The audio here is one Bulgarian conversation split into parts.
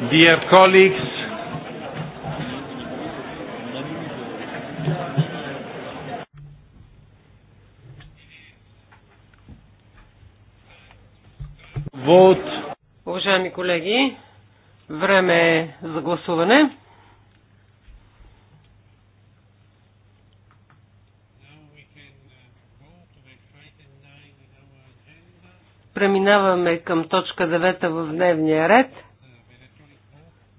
Dear colleagues, vote. Уважаеми колеги, време е за гласуване. Преминаваме към точка 9 в дневния ред –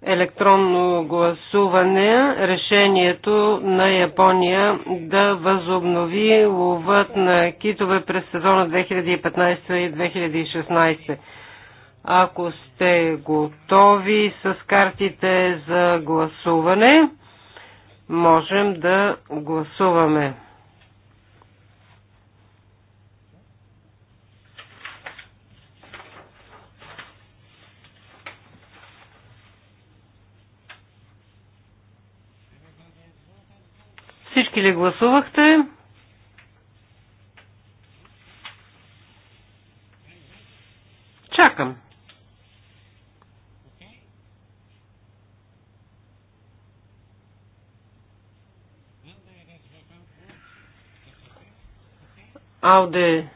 електронно гласуване решението на Япония да възобнови ловът на китове през сезона 2015 и 2016. Ако сте готови с картите за гласуване, можем да гласуваме. Всички ли гласувахте? Чакам. Алде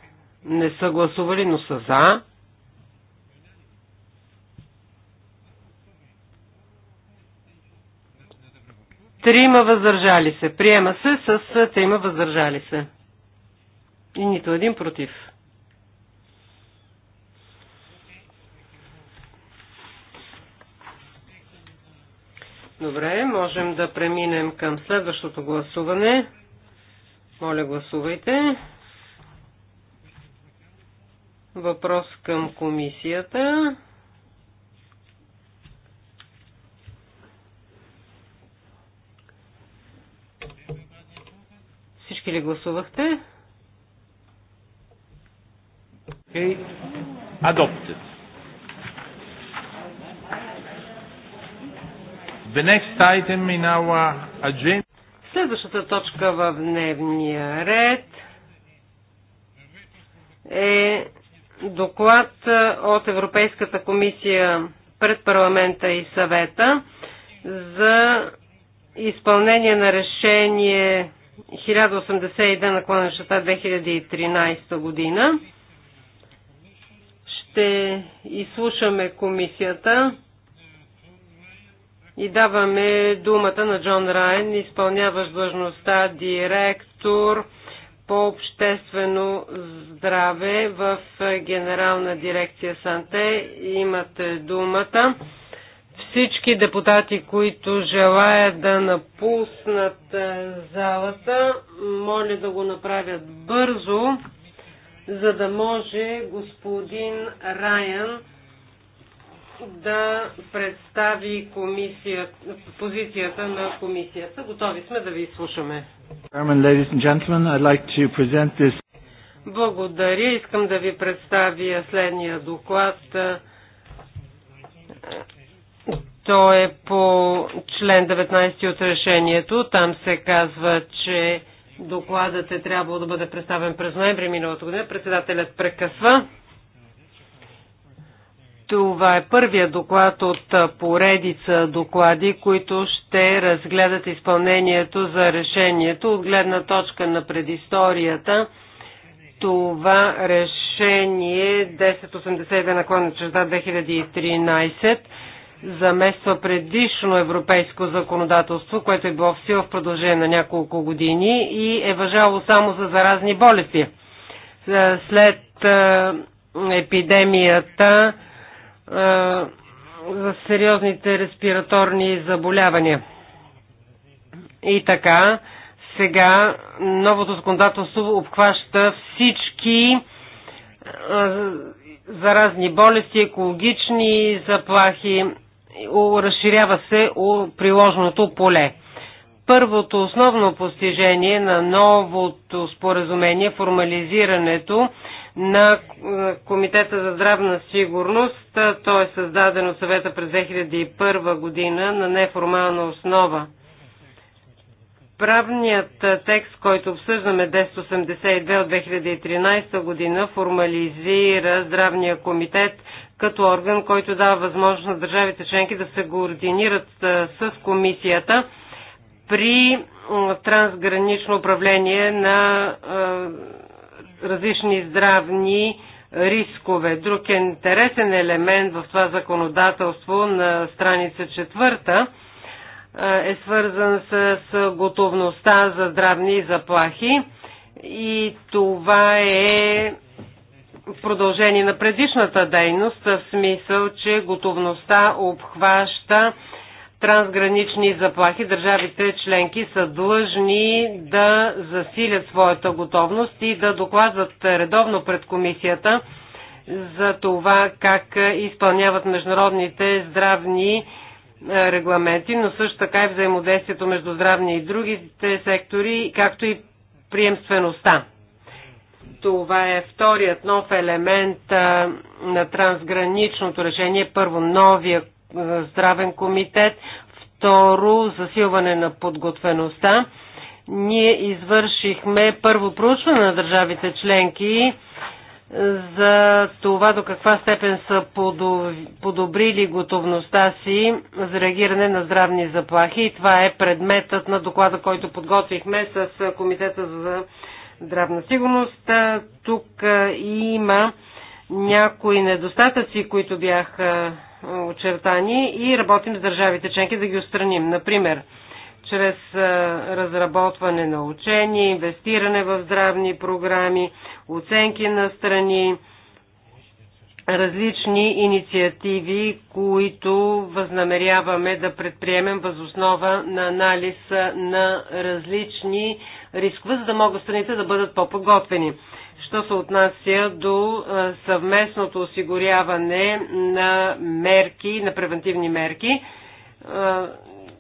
не са гласували, но са за. Трима въздържали се. Приема се с трима въздържали се. И нито един против. Добре, можем да преминем към следващото гласуване. Моля, гласувайте. Въпрос към комисията. Всички ли гласувахте? Okay. Adopted. The next item in our agenda. Следващата точка в дневния ред е доклад от Европейската комисия пред парламента и съвета за изпълнение на решение 1081 на чета 2013 година. Ще изслушаме комисията и даваме думата на Джон Райн, изпълняващ длъжността директор по обществено здраве в Генерална дирекция Санте. Имате думата. Всички депутати, които желаят да напуснат е, залата, моля да го направят бързо, за да може господин Райан да представи комисия, позицията на комисията. Готови сме да ви слушаме. Благодаря. Искам да ви представя следния доклад то е по член 19 от решението. Там се казва, че докладът е трябвало да бъде представен през ноември миналата година. Председателят прекъсва. Това е първият доклад от поредица доклади, които ще разгледат изпълнението за решението от гледна точка на предисторията. Това решение 1082 наклона чрезда 2013 замества предишно европейско законодателство, което е било в сила в продължение на няколко години и е въжало само за заразни болести. Е, след е, епидемията е, за сериозните респираторни заболявания. И така, сега новото законодателство обхваща всички заразни болести, екологични заплахи разширява се приложеното поле. Първото основно постижение на новото споразумение формализирането на е, Комитета за здравна сигурност. Е, той е създаден от съвета през 2001 година на неформална основа. Правният е, текст, който обсъждаме 1082 от 2013 година, формализира здравния комитет като орган, който дава възможност на държавите членки да се координират с комисията при трансгранично управление на различни здравни рискове. Друг е интересен елемент в това законодателство на страница четвърта е свързан с готовността за здравни заплахи и това е в продължение на предишната дейност, в смисъл, че готовността обхваща трансгранични заплахи. Държавите членки са длъжни да засилят своята готовност и да докладват редовно пред комисията за това как изпълняват международните здравни е, регламенти, но също така и взаимодействието между здравни и другите сектори, както и приемствеността. Това е вторият нов елемент на трансграничното решение. Първо, новия здравен комитет. Второ, засилване на подготвеността. Ние извършихме първо проучване на държавите членки за това до каква степен са подобрили готовността си за реагиране на здравни заплахи. И това е предметът на доклада, който подготвихме с Комитета за здравна сигурност. Тук има някои недостатъци, които бяха очертани и работим с държавите членки да ги устраним. Например, чрез разработване на учение, инвестиране в здравни програми, оценки на страни, различни инициативи, които възнамеряваме да предприемем възоснова на анализ на различни рискове, за да могат страните да бъдат по-подготвени. Що се отнася до съвместното осигуряване на мерки, на превентивни мерки,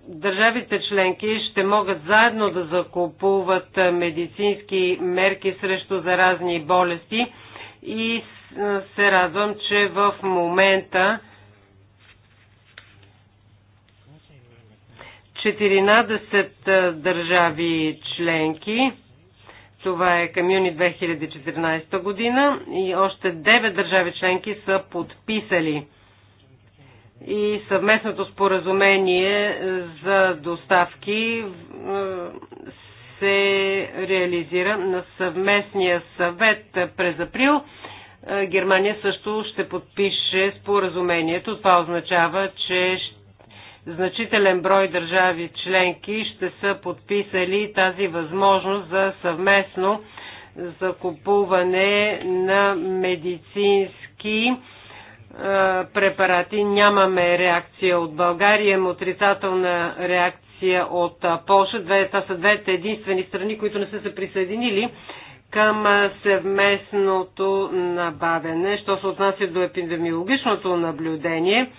държавите членки ще могат заедно да закупуват медицински мерки срещу заразни болести и се радвам, че в момента 14 държави членки. Това е към юни 2014 година и още 9 държави членки са подписали и съвместното споразумение за доставки се реализира на съвместния съвет през април. Германия също ще подпише споразумението. Това означава, че ще значителен брой държави членки ще са подписали тази възможност за съвместно закупуване на медицински е, препарати. Нямаме реакция от България, имаме отрицателна реакция от е, Польша. Това са двете единствени страни, които не са се присъединили към е, съвместното набавяне. Що се отнася до епидемиологичното наблюдение,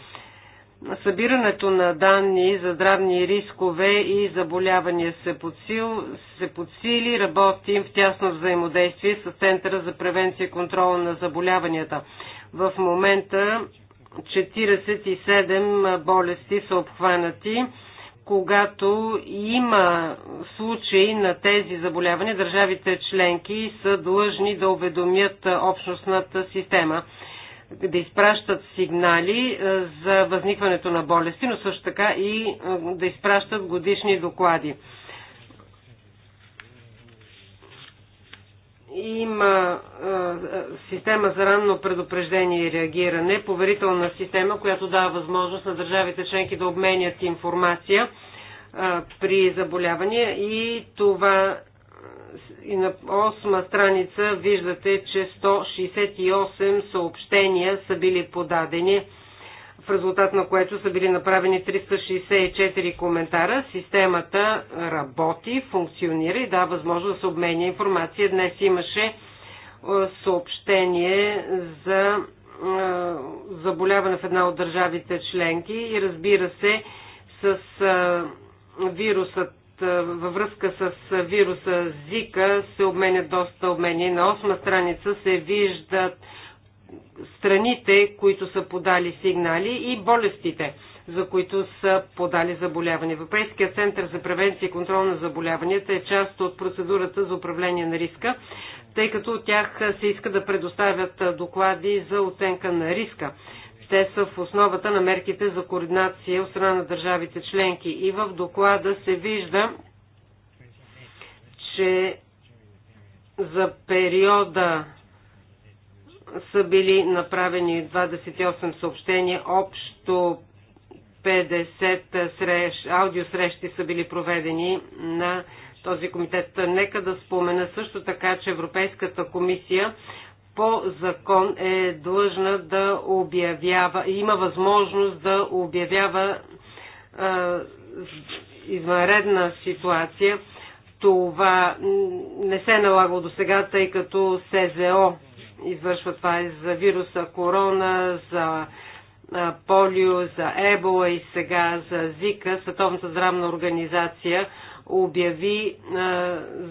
събирането на данни за здравни рискове и заболявания се, подсил, се подсили. Работим в тясно взаимодействие с Центъра за превенция и контрол на заболяванията. В момента 47 болести са обхванати. Когато има случаи на тези заболявания, държавите членки са длъжни да уведомят общностната система да изпращат сигнали е, за възникването на болести, но също така и е, да изпращат годишни доклади. Има е, система за ранно предупреждение и реагиране, поверителна система, която дава възможност на държавите членки да обменят информация при заболявания и това и на 8 страница виждате, че 168 съобщения са били подадени, в резултат на което са били направени 364 коментара. Системата работи, функционира и дава възможност да се обменя информация. Днес имаше е, съобщение за е, заболяване в една от държавите членки и разбира се, с е, вирусът във връзка с вируса Зика се обменят доста обмени. На осма страница се виждат страните, които са подали сигнали и болестите, за които са подали заболяване. Европейският център за превенция и контрол на заболяванията е част от процедурата за управление на риска, тъй като от тях се иска да предоставят доклади за оценка на риска. Те са в основата на мерките за координация от страна на държавите членки. И в доклада се вижда, че за периода са били направени 28 съобщения, общо 50 аудиосрещи са били проведени на този комитет. Нека да спомена също така, че Европейската комисия по закон е длъжна да обявява, има възможност да обявява а, извънредна ситуация. Това не се е налагало до сега, тъй като СЗО извършва това и е за вируса корона, за полио, за ебола и сега за Зика. Световната здравна организация обяви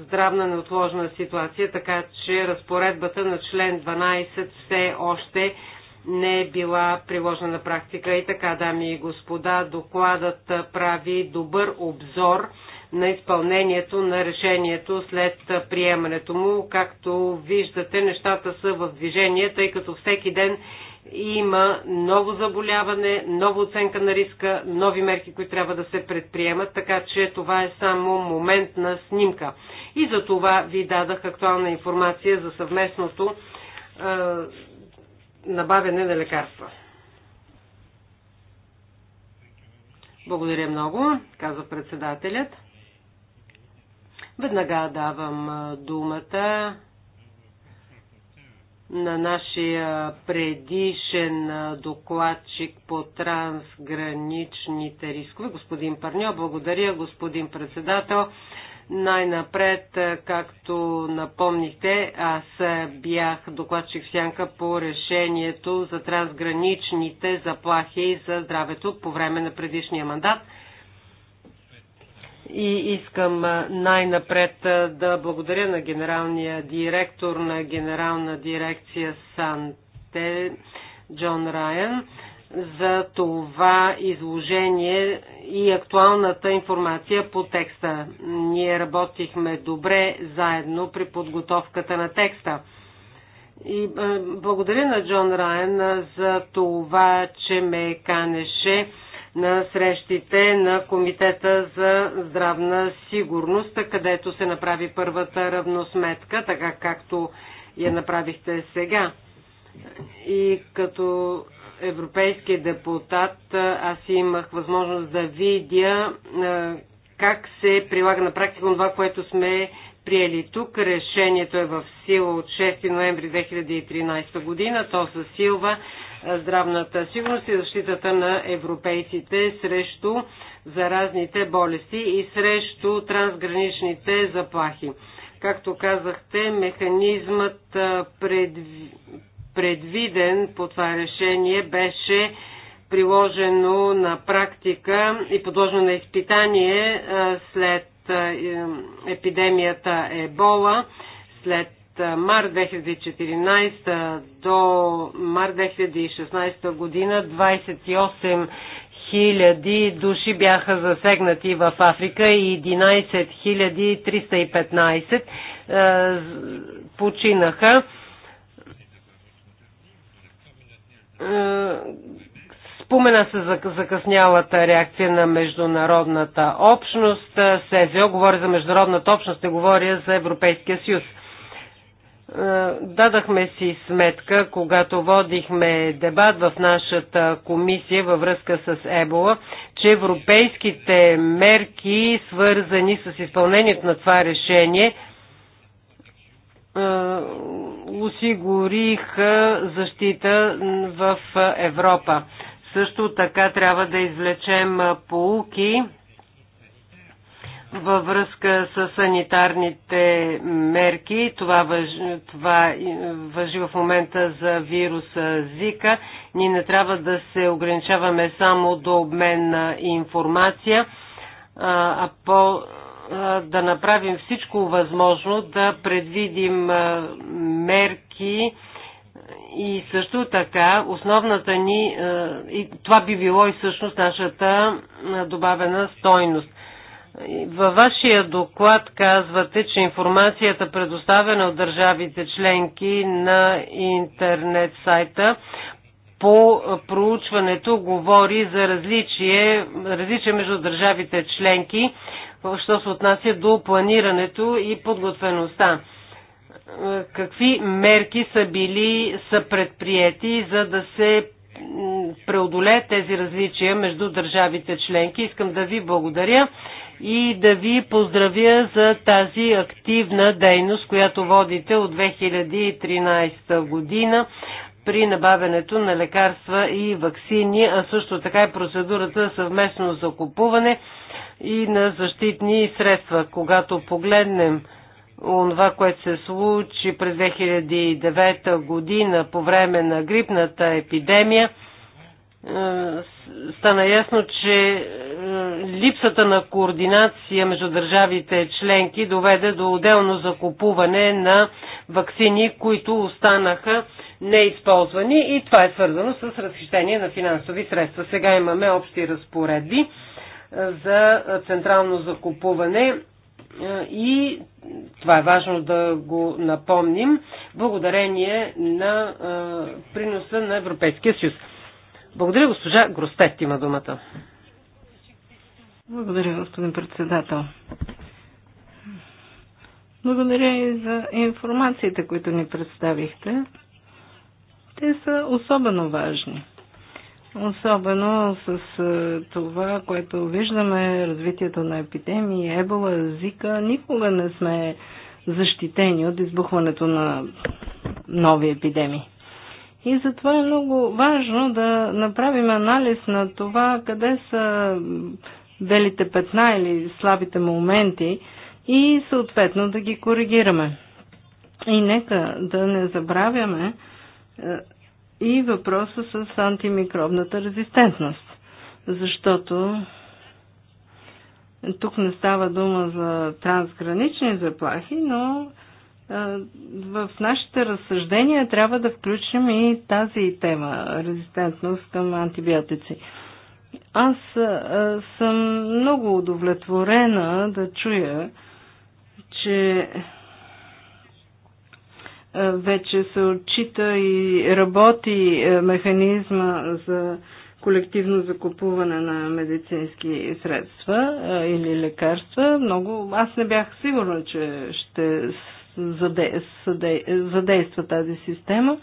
здравна неотложна ситуация, така че разпоредбата на член 12 все още не е била приложена на практика. И така, дами и господа, докладът прави добър обзор на изпълнението на решението след приемането му. Както виждате, нещата са в движение, тъй като всеки ден има ново заболяване, нова оценка на риска, нови мерки, които трябва да се предприемат, така че това е само момент на снимка. И за това ви дадах актуална информация за съвместното е, набавяне на лекарства. Благодаря много, каза председателят. Веднага давам думата на нашия предишен докладчик по трансграничните рискове. Господин Парньо, благодаря, господин председател. Най-напред, както напомнихте, аз бях докладчик в сянка по решението за трансграничните заплахи за здравето по време на предишния мандат. И искам най-напред да благодаря на генералния директор на генерална дирекция Санте Джон Райан за това изложение и актуалната информация по текста. Ние работихме добре заедно при подготовката на текста. И благодаря на Джон Райан за това, че ме канеше на срещите на Комитета за здравна сигурност, където се направи първата равносметка, така както я направихте сега. И като европейски депутат аз имах възможност да видя как се прилага на практика това, което сме приели тук. Решението е в сила от 6 ноември 2013 година. То засилва здравната сигурност и защитата на европейците срещу заразните болести и срещу трансграничните заплахи. Както казахте, механизмът предвиден по това решение беше приложено на практика и подложено на изпитание след епидемията Ебола, след март 2014 до март 2016 година 28 хиляди души бяха засегнати в Африка и 11 315 е, починаха. Е, спомена се за закъснялата реакция на международната общност. Е, СЗО говори за международната общност, не говоря за Европейския съюз. Е, дадахме си сметка, когато водихме дебат в нашата комисия във връзка с Ебола, че европейските мерки, свързани с изпълнението на това решение, е, осигуриха защита в Европа. Също така трябва да извлечем полуки във връзка с санитарните мерки. Това въжи, това въжи в момента за вируса Зика. Ние не трябва да се ограничаваме само до обмен на информация, а по да направим всичко възможно да предвидим мерки и също така основната ни, и това би било и всъщност нашата добавена стойност във вашия доклад казвате, че информацията предоставена от държавите членки на интернет сайта по проучването говори за различие, различие между държавите членки, що се отнася до планирането и подготвеността. Какви мерки са били, са предприяти, за да се преодолее тези различия между държавите членки. Искам да ви благодаря и да ви поздравя за тази активна дейност, която водите от 2013 година при набавянето на лекарства и вакцини, а също така и процедурата за съвместно закупуване и на защитни средства. Когато погледнем това, което се случи през 2009 година по време на грипната епидемия, стана ясно, че е, липсата на координация между държавите членки доведе до отделно закупуване на вакцини, които останаха неизползвани и това е свързано с разхищение на финансови средства. Сега имаме общи разпоредби е, за централно закупуване е, и това е важно да го напомним, благодарение на приноса на Европейския съюз. Благодаря, госпожа Гростет има думата. Благодаря, господин председател. Благодаря и за информациите, които ни представихте. Те са особено важни. Особено с е, това, което виждаме, развитието на епидемии, ебола, зика, никога не сме защитени от избухването на нови епидемии. И затова е много важно да направим анализ на това къде са белите петна или слабите моменти и съответно да ги коригираме. И нека да не забравяме е, и въпроса с антимикробната резистентност, защото тук не става дума за трансгранични заплахи, но е, в нашите разсъждения трябва да включим и тази тема резистентност към антибиотици. Аз е, е, съм много удовлетворена да чуя, че вече се отчита и работи механизма за колективно закупуване на медицински средства или лекарства. Много аз не бях сигурна, че ще заде, задейства тази система.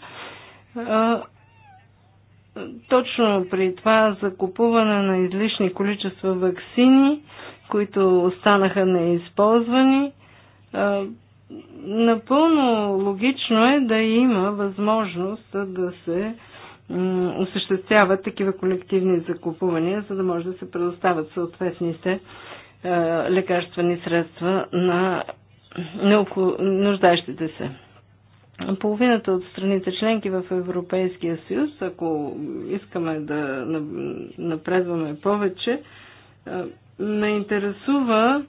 Точно при това закупуване на излишни количества вакцини, които останаха неизползвани, напълно логично е да има възможност да се осъществяват такива колективни закупувания, за да може да се предоставят съответните лекарствени средства на нуждащите се. Половината от страните членки в Европейския съюз, ако искаме да напредваме повече, ме интересува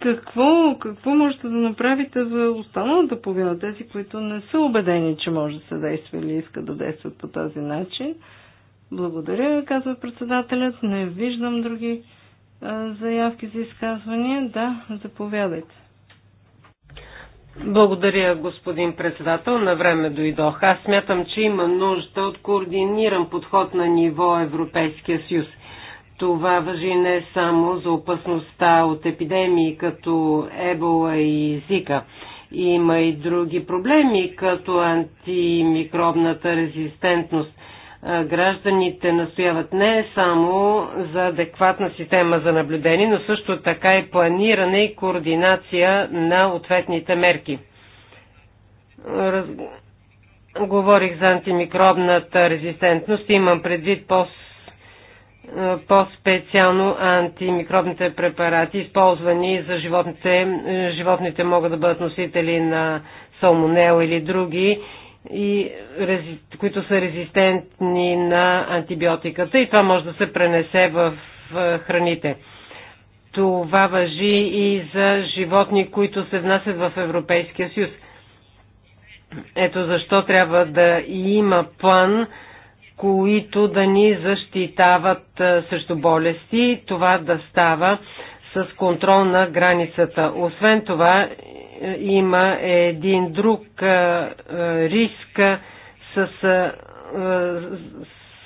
какво, какво можете да направите за останалата половина, тези, които не са убедени, че може да се действа или искат да действат по този начин. Благодаря, казва председателят. Не виждам други заявки за изказвания? Да, заповядайте. Благодаря, господин председател. На време дойдох. Аз смятам, че има нужда от координиран подход на ниво Европейския съюз. Това въжи не само за опасността от епидемии като ебола и зика. Има и други проблеми, като антимикробната резистентност – Гражданите настояват не само за адекватна система за наблюдение, но също така и планиране и координация на ответните мерки. Раз... Говорих за антимикробната резистентност. Имам предвид по по-специално антимикробните препарати, използвани за животните. Животните могат да бъдат носители на салмонел или други и които са резистентни на антибиотиката и това може да се пренесе в храните. Това въжи и за животни, които се внасят в Европейския съюз. Ето защо трябва да има план, които да ни защитават срещу болести. Това да става с контрол на границата. Освен това, има един друг риск с,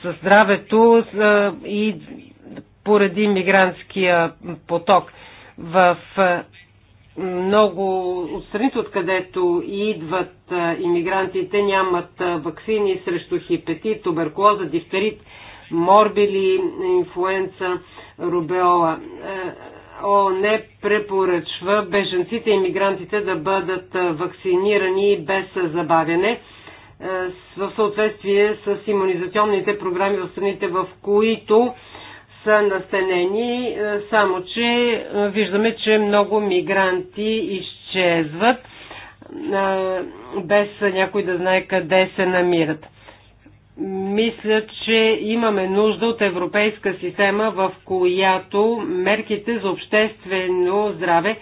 с здравето и поради мигрантския поток. В много от страните, откъдето идват иммигрантите, нямат вакцини срещу хипетит, туберкулоза, дифтерит, морбили, инфлуенца, рубеола. ООН препоръчва беженците и мигрантите да бъдат вакцинирани без забавяне в съответствие с иммунизационните програми в страните, в които са настанени, само че виждаме, че много мигранти изчезват без някой да знае къде се намират мисля, че имаме нужда от европейска система, в която мерките за обществено здраве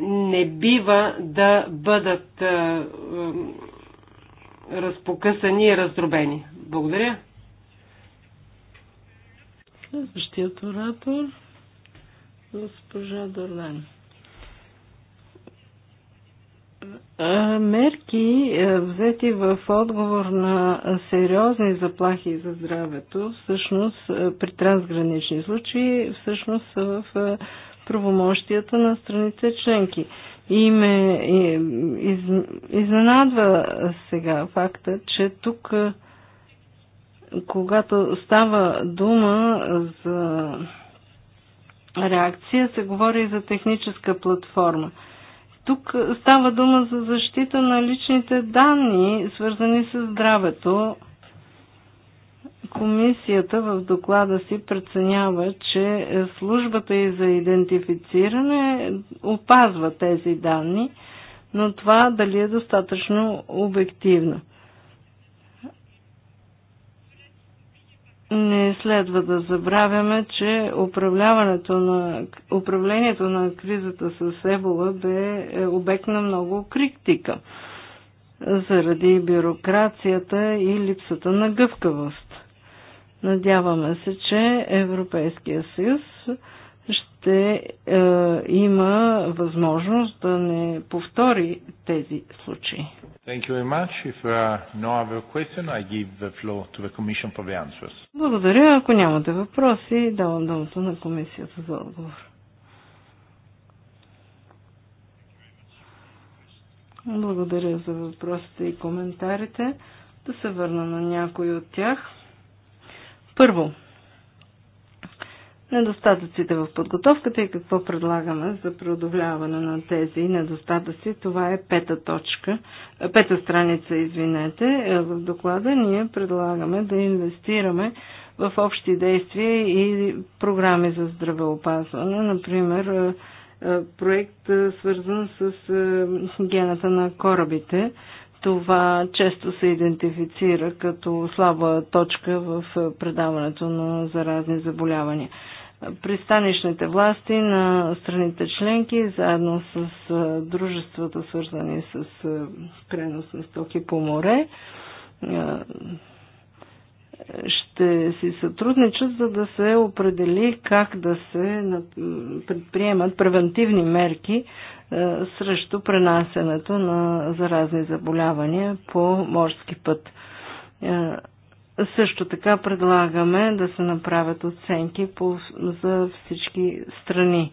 не бива да бъдат е, е, разпокъсани и раздробени. Благодаря. Следващият оратор, госпожа Дорлен мерки, взети в отговор на сериозни заплахи за здравето, всъщност при трансгранични случаи, всъщност са в правомощията на страните членки. И ме из, изненадва сега факта, че тук, когато става дума за реакция, се говори за техническа платформа – тук става дума за защита на личните данни, свързани с здравето. Комисията в доклада си преценява, че службата и за идентифициране опазва тези данни, но това дали е достатъчно обективно. не следва да забравяме, че управляването на, управлението на кризата с Ебола бе е обект на много критика заради бюрокрацията и липсата на гъвкавост. Надяваме се, че Европейския съюз ще е, има възможност да не повтори тези случаи. Благодаря. Ако нямате въпроси, давам думата на комисията за отговор. Благодаря за въпросите и коментарите. Да се върна на някои от тях. Първо, недостатъците в подготовката и какво предлагаме за преодоляване на тези недостатъци. Това е пета точка, е, пета страница, извинете. Е, в доклада ние предлагаме да инвестираме в общи действия и програми за здравеопазване, например е, проект свързан с гената на корабите. Това често се идентифицира като слаба точка в предаването на заразни заболявания пристанищните власти на страните членки, заедно с дружествата, свързани с пренос на стоки по море, ще си сътрудничат, за да се определи как да се предприемат превентивни мерки срещу пренасенето на заразни заболявания по морски път. Също така предлагаме да се направят оценки по, за всички страни.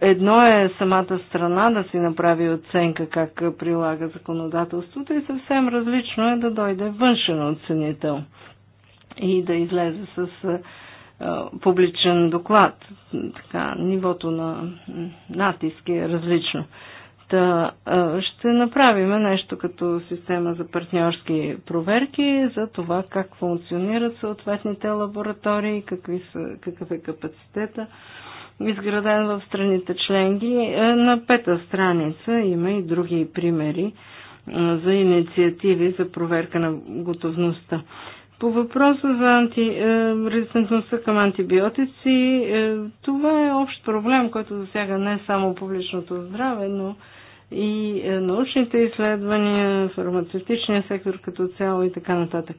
Едно е самата страна да си направи оценка как прилага законодателството и съвсем различно е да дойде външен оценител и да излезе с публичен доклад. Така, нивото на натиск е различно. Та, ще направим нещо като система за партньорски проверки за това как функционират съответните лаборатории, какви са, какъв е капацитета изграден в страните членки. Е, на пета страница има и други примери за инициативи за проверка на готовността. По въпроса за анти, е, резистентността към антибиотици, е, това е общ проблем, който засяга не само публичното здраве, но и е, научните изследвания, фармацевтичния сектор като цяло и така нататък.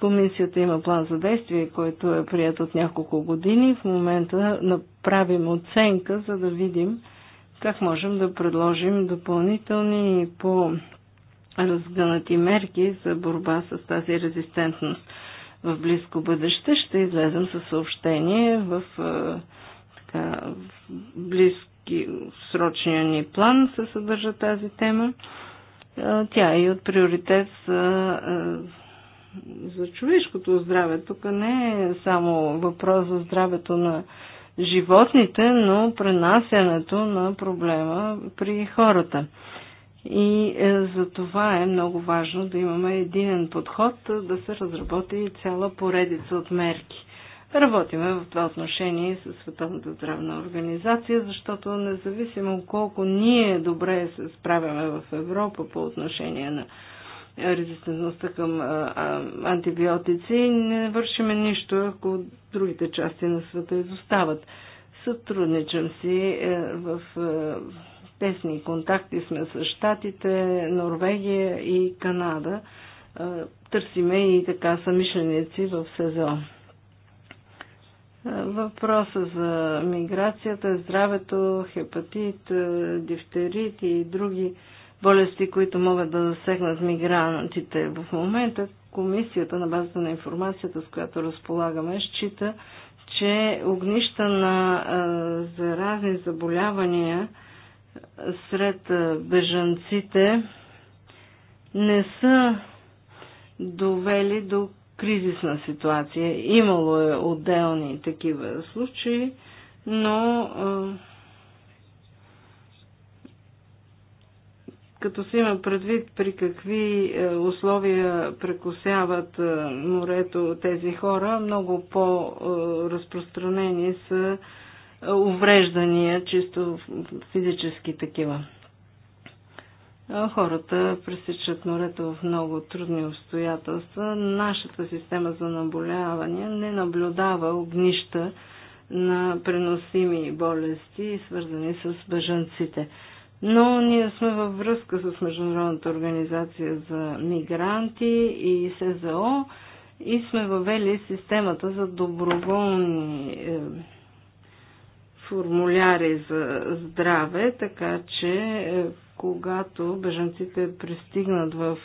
Комисията има план за действие, който е прият от няколко години. В момента направим оценка, за да видим как можем да предложим допълнителни и по разгънати мерки за борба с тази резистентност. В близко бъдеще ще излезем със съобщение в, е, така, в близко срочния ни план се съдържа тази тема. Е, тя е и от приоритет за, е, за човешкото здраве. Тук не е само въпрос за здравето на животните, но пренасянето на проблема при хората. И е, за това е много важно да имаме единен подход, да се разработи цяла поредица от мерки. Работиме в това отношение с Световната здравна организация, защото независимо колко ние добре се справяме в Европа по отношение на резистентността към антибиотици, не вършиме нищо, ако другите части на света изостават. Сътрудничам си е, в е, тесни контакти сме с Штатите, Норвегия и Канада. Е, търсиме и така самишленици в сезон. Въпроса за миграцията, здравето, хепатит, е, дифтерит и други болести, които могат да засегнат мигрантите в момента, комисията на базата на информацията, с която разполагаме, счита, че огнища на е, заразни заболявания е, сред бежанците не са довели до кризисна ситуация. Имало е отделни такива случаи, но като се има предвид при какви е, условия прекусяват е, морето тези хора, много по-разпространени са е, увреждания, чисто физически такива. Хората пресичат морето в много трудни обстоятелства. Нашата система за наболявания не наблюдава огнища на преносими болести, свързани с бежанците. Но ние сме във връзка с Международната организация за мигранти и СЗО и сме въвели системата за доброволни е, формуляри за здраве, така че е, когато бежанците пристигнат в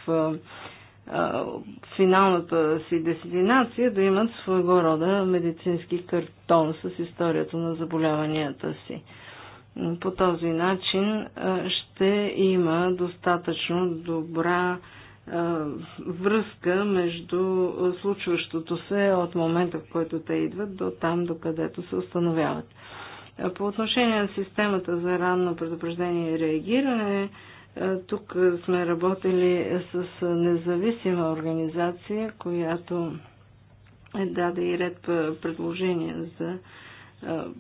финалната си дестинация, да имат своего рода медицински картон с историята на заболяванията си. По този начин ще има достатъчно добра връзка между случващото се от момента, в който те идват, до там, където се установяват. По отношение на системата за ранно предупреждение и реагиране, е, тук сме работили с независима организация, която е даде и ред предложения за е,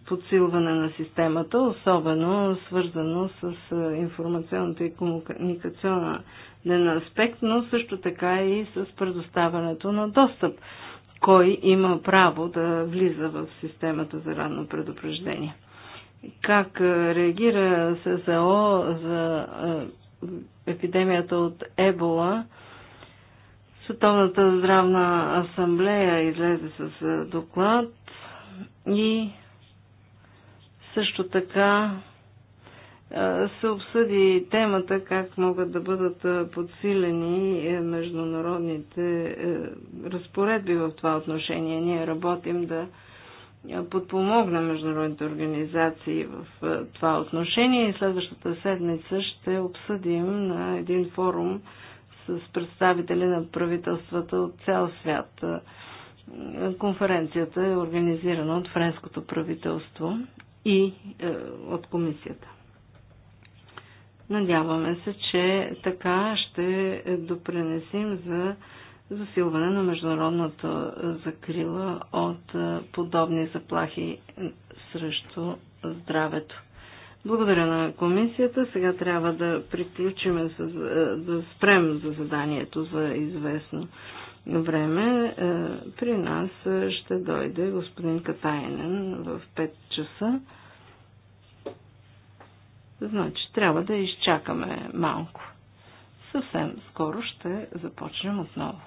подсилване на системата, особено свързано с е, информационната и комуникационен аспект, но също така и с предоставянето на достъп. Кой има право да влиза в системата за ранно предупреждение? как е, реагира СЗО за е, епидемията от Ебола. Световната здравна асамблея излезе с е, доклад и също така се обсъди темата как могат да бъдат подсилени международните разпоредби в това отношение. Ние работим да подпомогна международните организации в това отношение и следващата седмица ще обсъдим на един форум с представители на правителствата от цял свят. Конференцията е организирана от френското правителство и е, от комисията. Надяваме се, че така ще допренесим за засилване на международната закрила от подобни заплахи срещу здравето. Благодаря на комисията. Сега трябва да приключим, с, да спрем за заданието за известно време. При нас ще дойде господин Катайнен в 5 часа. Значи, трябва да изчакаме малко. Съвсем скоро ще започнем отново.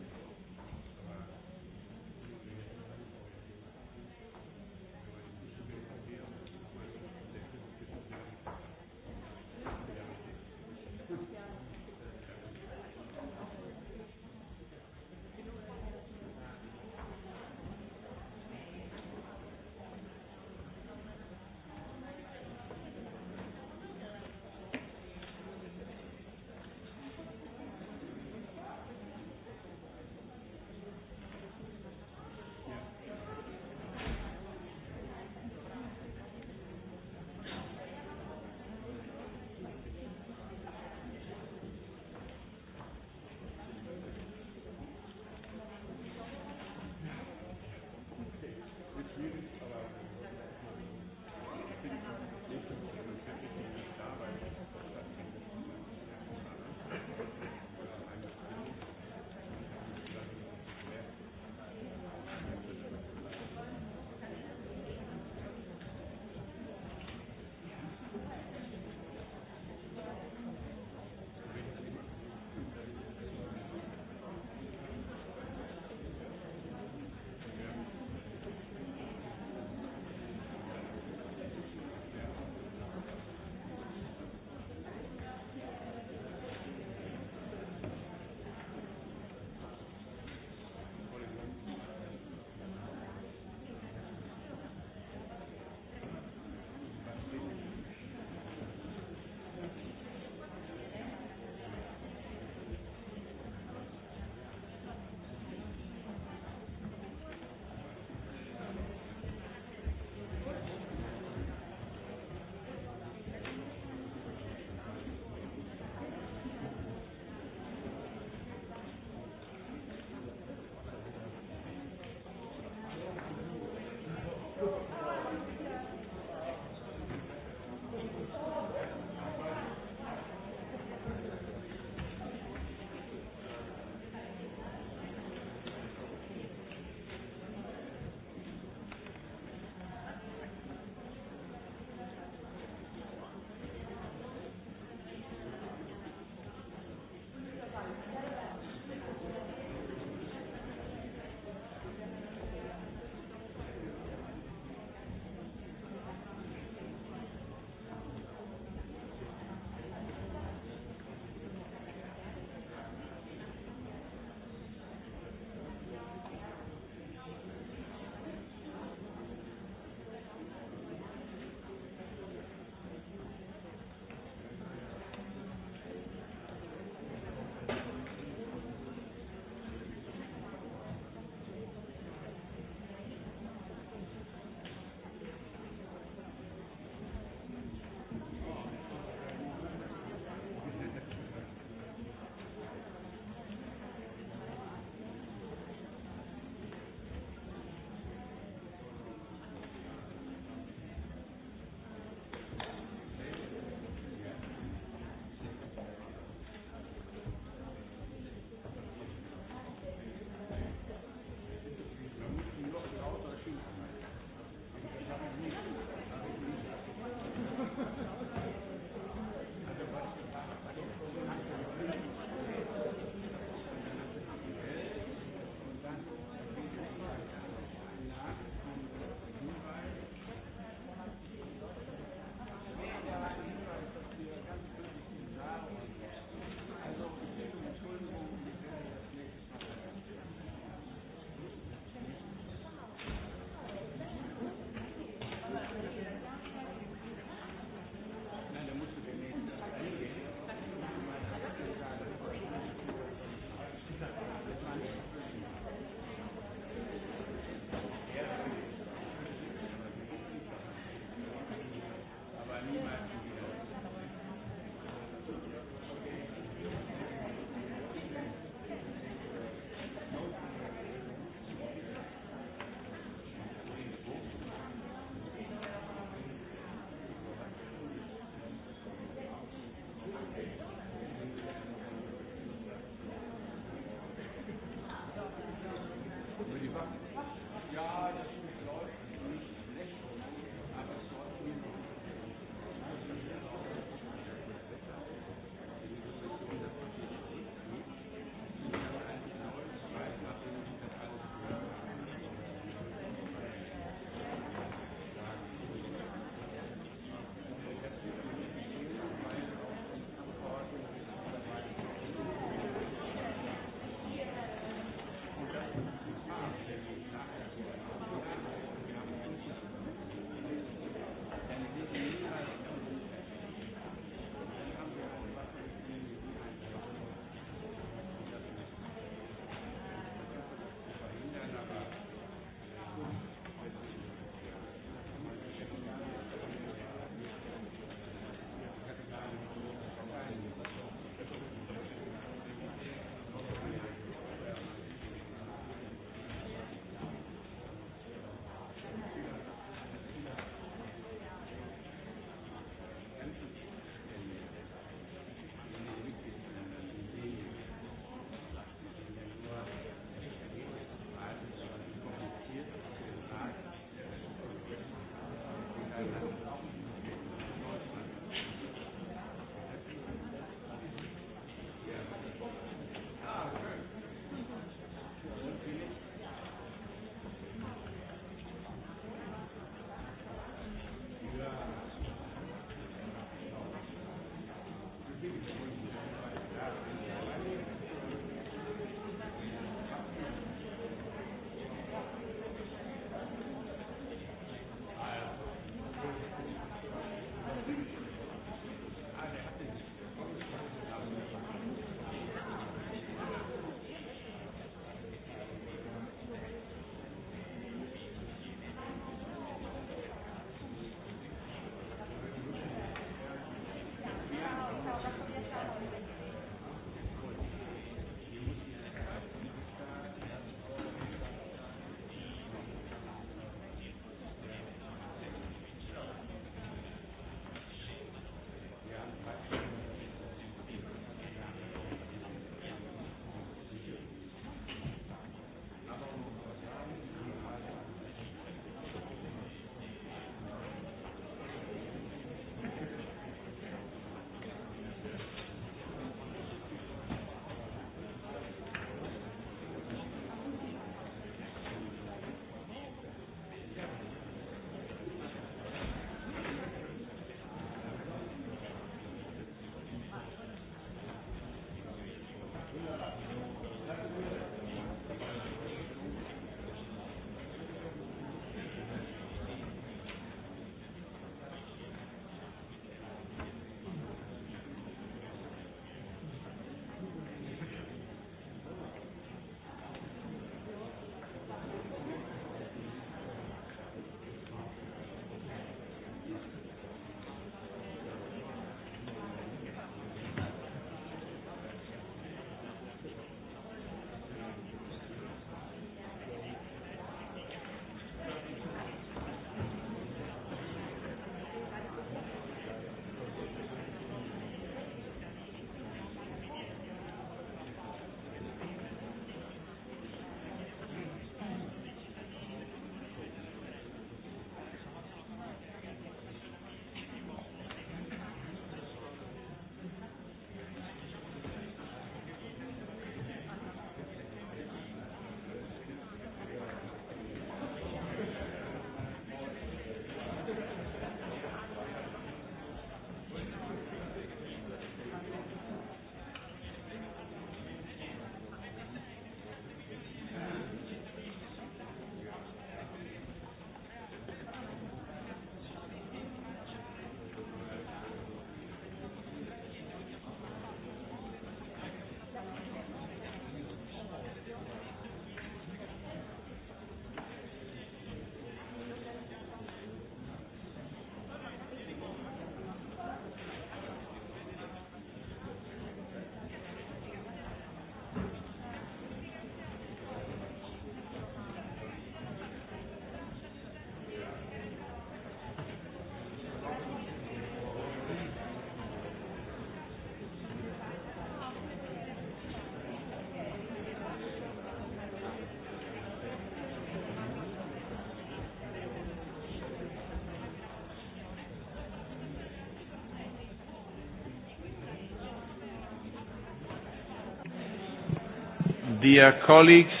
Dear colleagues,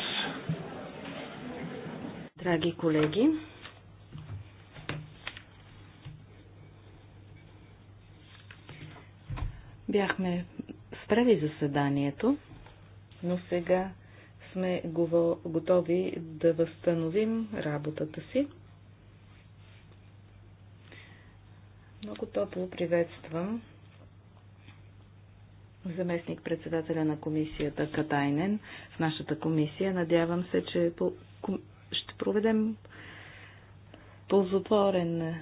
Драги колеги, бяхме спрели заседанието, но сега сме готови да възстановим работата си. Много топло приветствам заместник председателя на комисията Катайнен в нашата комисия. Надявам се, че ще проведем ползотворен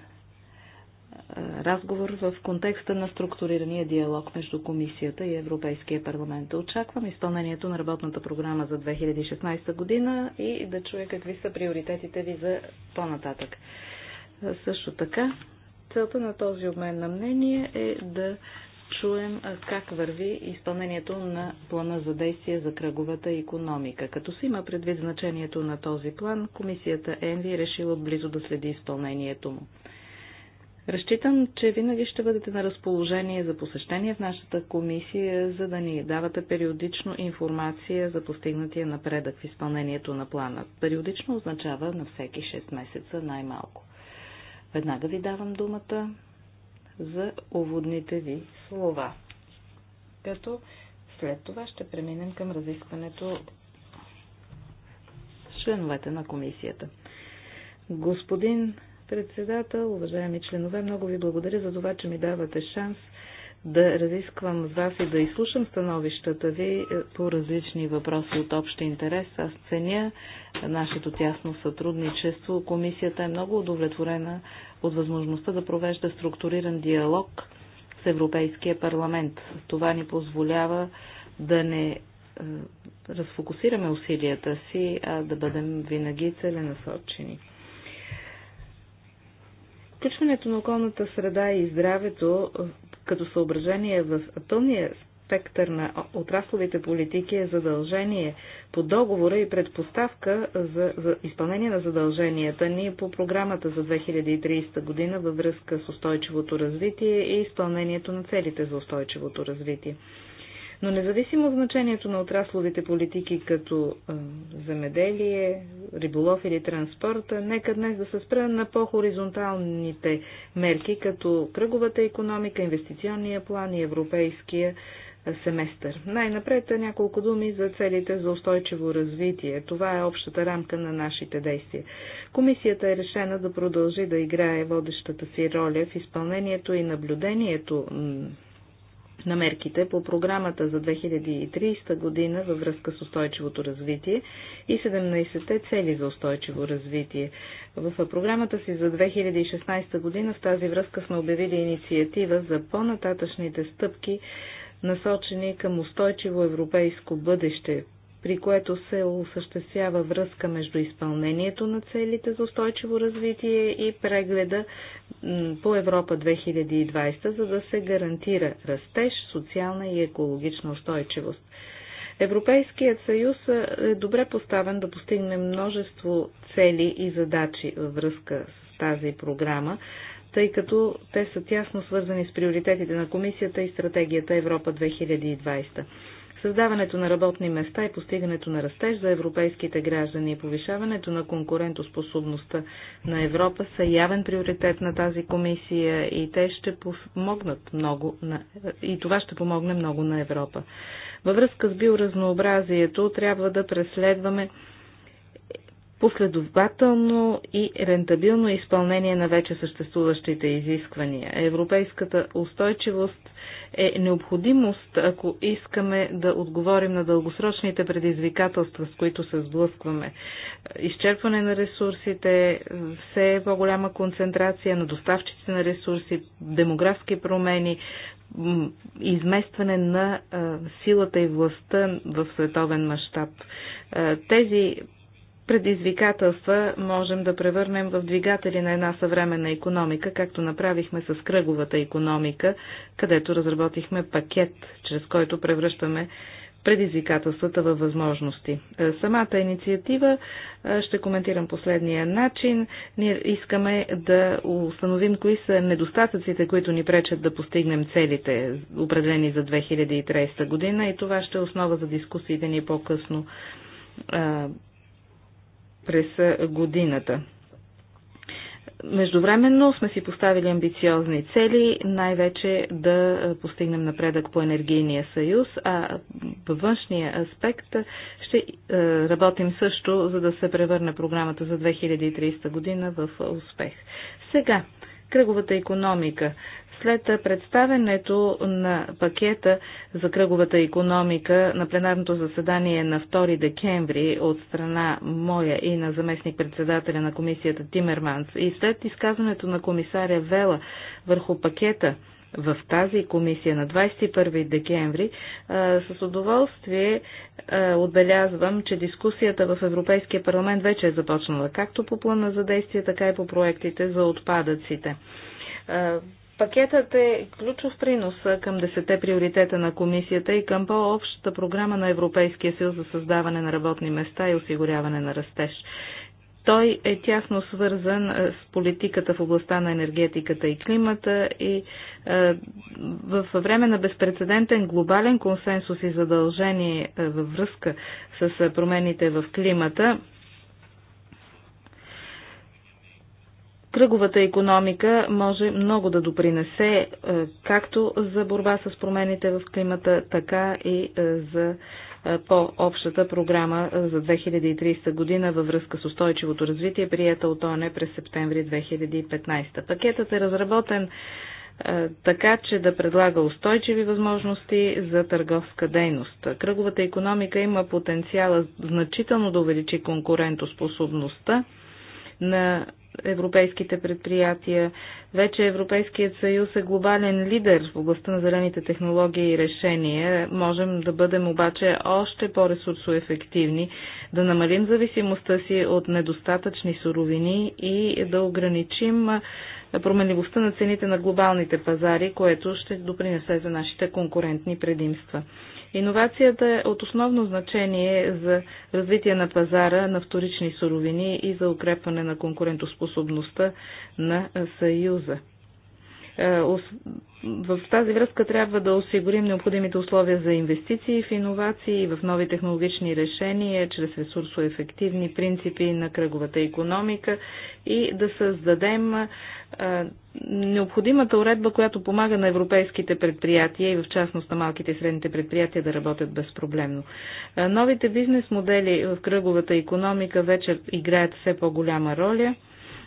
разговор в контекста на структурирания диалог между Комисията и Европейския парламент. Очаквам изпълнението на работната програма за 2016 година и да чуя какви са приоритетите ви за по-нататък. Също така, целта на този обмен на мнение е да чуем как върви изпълнението на плана за действие за кръговата економика. Като се има предвид значението на този план, комисията ЕНВИ е решила близо да следи изпълнението му. Разчитам, че винаги ще бъдете на разположение за посещение в нашата комисия, за да ни давате периодично информация за постигнатия напредък в изпълнението на плана. Периодично означава на всеки 6 месеца най-малко. Веднага ви давам думата за уводните ви слова. Като след това ще преминем към разискването с членовете на комисията. Господин председател, уважаеми членове, много ви благодаря за това, че ми давате шанс да разисквам с вас и да изслушам становищата ви по различни въпроси от общи интерес. Аз ценя нашето тясно сътрудничество. Комисията е много удовлетворена от възможността да провежда структуриран диалог с Европейския парламент. Това ни позволява да не е, разфокусираме усилията си, а да бъдем винаги целенасочени. Включването на околната среда и здравето е, като съображение в пълния спектър на отрасловите политики е задължение по договора и предпоставка за, за изпълнение на задълженията ни по програмата за 2030 година във връзка с устойчивото развитие и изпълнението на целите за устойчивото развитие. Но независимо значението на отрасловите политики като е, земеделие, риболов или транспорта, нека днес да се спра на по-хоризонталните мерки като кръговата економика, инвестиционния план и европейския семестър. Най-напред е няколко думи за целите за устойчиво развитие. Това е общата рамка на нашите действия. Комисията е решена да продължи да играе водещата си роля в изпълнението и наблюдението на мерките по програмата за 2030 година във връзка с устойчивото развитие и 17-те цели за устойчиво развитие. В програмата си за 2016 година в тази връзка сме обявили инициатива за по-нататъчните стъпки насочени към устойчиво европейско бъдеще, при което се осъществява връзка между изпълнението на целите за устойчиво развитие и прегледа по Европа 2020, за да се гарантира растеж, социална и екологична устойчивост. Европейският съюз е добре поставен да постигне множество цели и задачи във връзка с тази програма, тъй като те са тясно свързани с приоритетите на комисията и стратегията Европа 2020. Създаването на работни места и постигането на растеж за европейските граждани и повишаването на конкурентоспособността на Европа са явен приоритет на тази комисия и те ще помогнат много на... и това ще помогне много на Европа. Във връзка с биоразнообразието трябва да преследваме последователно и рентабилно изпълнение на вече съществуващите изисквания. Европейската устойчивост е необходимост, ако искаме да отговорим на дългосрочните предизвикателства, с които се сблъскваме. Изчерпване на ресурсите, все е по-голяма концентрация на доставчици на ресурси, демографски промени, изместване на силата и властта в световен мащаб. Тези предизвикателства можем да превърнем в двигатели на една съвременна економика, както направихме с кръговата економика, където разработихме пакет, чрез който превръщаме предизвикателствата във възможности. Е, самата инициатива е, ще коментирам последния начин. Ние искаме да установим кои са недостатъците, които ни пречат да постигнем целите, определени за 2030 година и това ще е основа за дискусиите ни по-късно е, през годината. Междувременно сме си поставили амбициозни цели, най-вече да постигнем напредък по енергийния съюз, а във външния аспект ще работим също, за да се превърне програмата за 2030 година в успех. Сега, кръговата економика. След представенето на пакета за кръговата економика на пленарното заседание на 2 декември от страна моя и на заместник-председателя на комисията Тимерманс и след изказването на комисаря Вела върху пакета в тази комисия на 21 декември, с удоволствие отбелязвам, че дискусията в Европейския парламент вече е започнала, както по плана за действие, така и по проектите за отпадъците. Пакетът е ключов принос към десете приоритета на комисията и към по-общата програма на Европейския съюз за създаване на работни места и осигуряване на растеж. Той е тясно свързан с политиката в областта на енергетиката и климата и в време на безпредседентен глобален консенсус и задължение във връзка с промените в климата Кръговата економика може много да допринесе е, както за борба с промените в климата, така и е, за е, по-общата програма за 2030 година във връзка с устойчивото развитие, прията от ОНЕ през септември 2015. Пакетът е разработен така, че да предлага устойчиви възможности за търговска дейност. Кръговата економика има потенциала значително да увеличи конкурентоспособността на европейските предприятия. Вече Европейският съюз е глобален лидер в областта на зелените технологии и решения. Можем да бъдем обаче още по-ресурсоефективни, да намалим зависимостта си от недостатъчни суровини и да ограничим променливостта на цените на глобалните пазари, което ще допринесе за нашите конкурентни предимства. Иновацията е от основно значение за развитие на пазара на вторични суровини и за укрепване на конкурентоспособността на Съюза. Е, в тази връзка трябва да осигурим необходимите условия за инвестиции в иновации, в нови технологични решения, чрез ресурсоефективни принципи на кръговата економика и да създадем е, необходимата уредба, която помага на европейските предприятия и в частност на малките и средните предприятия да работят безпроблемно. Е, новите бизнес модели в кръговата економика вече играят все по-голяма роля –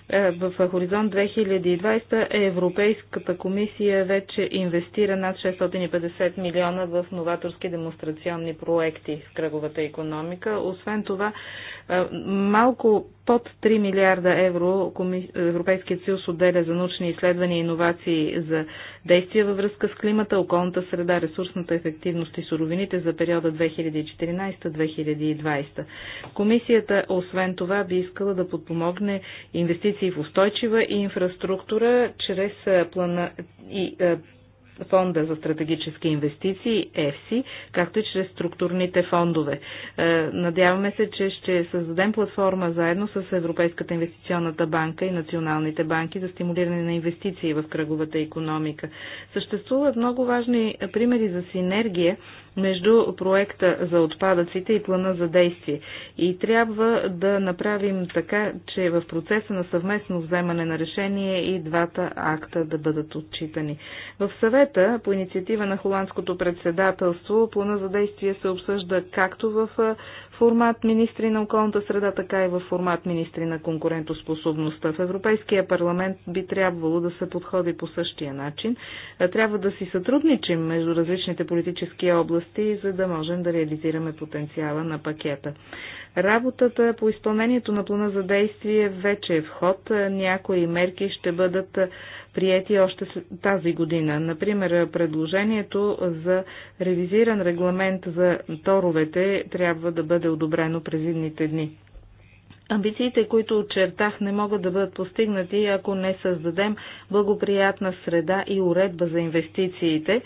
е, в Хоризонт 2020 Европейската комисия вече инвестира над 650 милиона в новаторски демонстрационни проекти в кръговата економика. Освен това, е, малко под 3 милиарда евро Европейският съюз отделя за научни изследвания и иновации за действия във връзка с климата, околната среда, ресурсната ефективност и суровините за периода 2014-2020. Комисията, освен това, би искала да подпомогне инвестиции в устойчива инфраструктура чрез плана и фонда за стратегически инвестиции, ЕФСИ, както и чрез структурните фондове. Е, надяваме се, че ще създадем платформа заедно с Европейската инвестиционната банка и националните банки за стимулиране на инвестиции в кръговата економика. Съществуват много важни примери за синергия между проекта за отпадъците и плана за действие. И трябва да направим така, че в процеса на съвместно вземане на решение и двата акта да бъдат отчитани. В съвет бюджета по инициатива на холандското председателство плана за действие се обсъжда както в формат министри на околната среда, така и в формат министри на конкурентоспособността. В Европейския парламент би трябвало да се подходи по същия начин. Трябва да си сътрудничим между различните политически области, за да можем да реализираме потенциала на пакета. Работата по изпълнението на плана за действие вече е в ход. Някои мерки ще бъдат приети още тази година. Например, предложението за ревизиран регламент за торовете трябва да бъде одобрено през едните дни. Амбициите, които очертах, не могат да бъдат постигнати, ако не създадем благоприятна среда и уредба за инвестициите,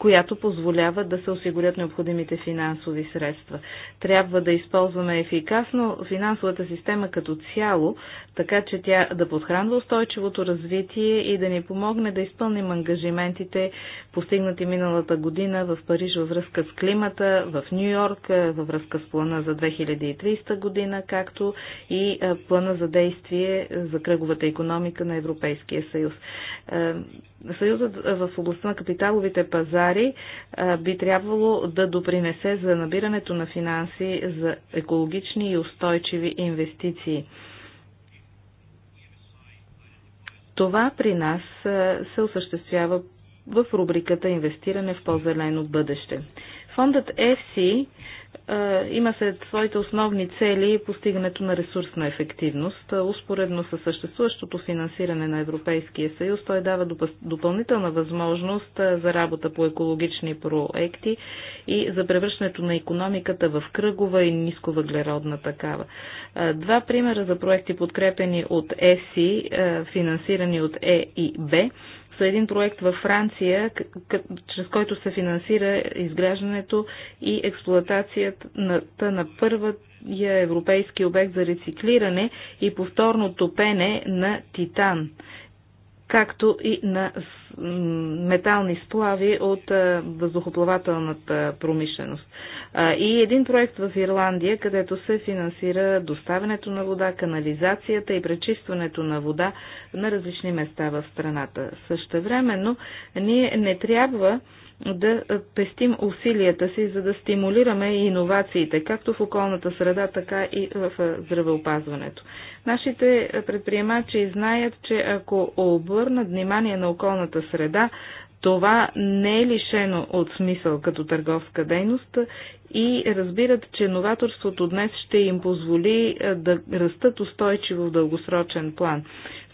която позволява да се осигурят необходимите финансови средства. Трябва да използваме ефикасно финансовата система като цяло, така че тя да подхранва устойчивото развитие и да ни помогне да изпълним ангажиментите, постигнати миналата година в Париж във връзка с климата, в Нью Йорк, във връзка с плана за 2300 година, както и плана за действие за кръговата економика на Европейския съюз. Съюзът в областта на капиталовите пазари би трябвало да допринесе за набирането на финанси за екологични и устойчиви инвестиции. Това при нас се осъществява в рубриката Инвестиране в по-зелено бъдеще. Фондът FC. Е, има сред своите основни цели постигането на ресурсна ефективност. Е, успоредно със съществуващото финансиране на Европейския съюз, той дава допълнителна възможност е, за работа по екологични проекти и за превръщането на економиката в кръгова и нисковъглеродна такава. Два примера за проекти, подкрепени от ЕСИ, финансирани от Е и Б, един проект във Франция, чрез който се финансира изграждането и експлуатацията на първия европейски обект за рециклиране и повторно топене на титан както и на метални сплави от въздухоплавателната промишленост. И един проект в Ирландия, където се финансира доставянето на вода, канализацията и пречистването на вода на различни места в страната. Същевременно ние не трябва да пестим усилията си, за да стимулираме иновациите, както в околната среда, така и в здравеопазването. Нашите предприемачи знаят, че ако обърнат внимание на околната среда, това не е лишено от смисъл като търговска дейност и разбират, че новаторството днес ще им позволи да растат устойчиво в дългосрочен план.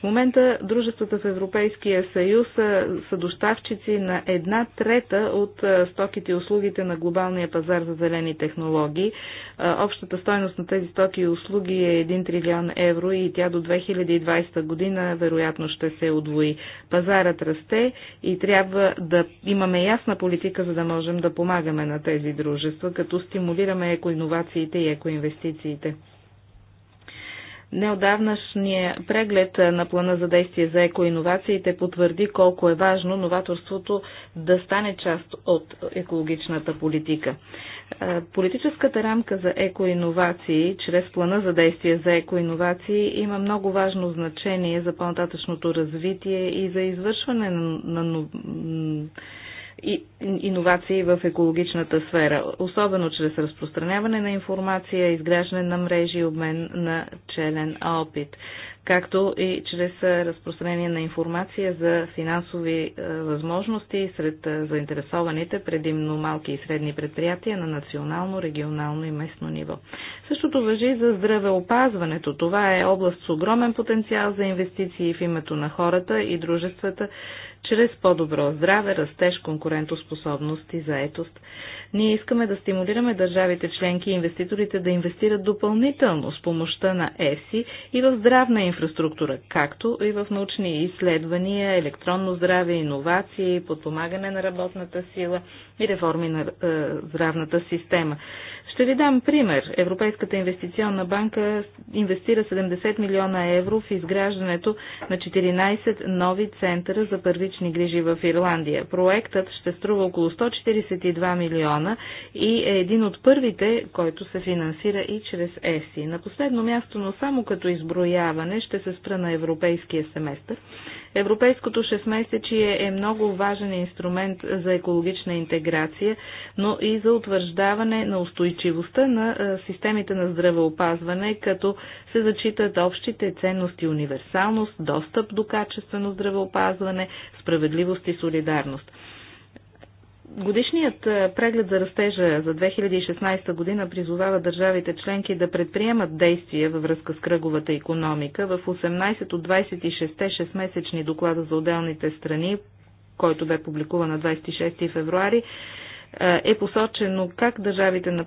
В момента дружествата в Европейския съюз са, са доставчици на една трета от стоките и услугите на глобалния пазар за зелени технологии. Общата стойност на тези стоки и услуги е 1 трилион евро и тя до 2020 година вероятно ще се удвои. Пазарът расте и трябва да имаме ясна политика, за да можем да помагаме на тези дружества, като стимулираме екоинновациите и екоинвестициите. Неодавнашния преглед на плана за действие за екоинновациите потвърди колко е важно новаторството да стане част от екологичната политика. Политическата рамка за екоинновации чрез плана за действие за екоинновации има много важно значение за по-нататъчното развитие и за извършване на и, иновации в екологичната сфера, особено чрез разпространяване на информация, изграждане на мрежи и обмен на челен опит, както и чрез разпространение на информация за финансови възможности сред заинтересованите, предимно малки и средни предприятия на национално, регионално и местно ниво. Същото въжи за здравеопазването. Това е област с огромен потенциал за инвестиции в името на хората и дружествата, чрез по-добро здраве, растеж, конкурентоспособност и заетост. Ние искаме да стимулираме държавите членки и инвеститорите да инвестират допълнително с помощта на ЕСИ и в здравна инфраструктура, както и в научни изследвания, електронно здраве, иновации, подпомагане на работната сила и реформи на е, здравната система. Ще ви дам пример. Европейската инвестиционна банка инвестира 70 милиона евро в изграждането на 14 нови центъра за първични грижи в Ирландия. Проектът ще струва около 142 милиона и е един от първите, който се финансира и чрез ЕСИ. На последно място, но само като изброяване, ще се спра на европейския семестър. Европейското 6-месечие е много важен инструмент за екологична интеграция, но и за утвърждаване на устойчивостта на системите на здравеопазване, като се зачитат общите ценности универсалност, достъп до качествено здравеопазване, справедливост и солидарност. Годишният е, преглед за растежа за 2016 година призовава държавите членки да предприемат действия във връзка с кръговата економика. В 18 от 26 6-месечни доклада за отделните страни, който бе публикуван на 26 февруари, е, е посочено как държавите на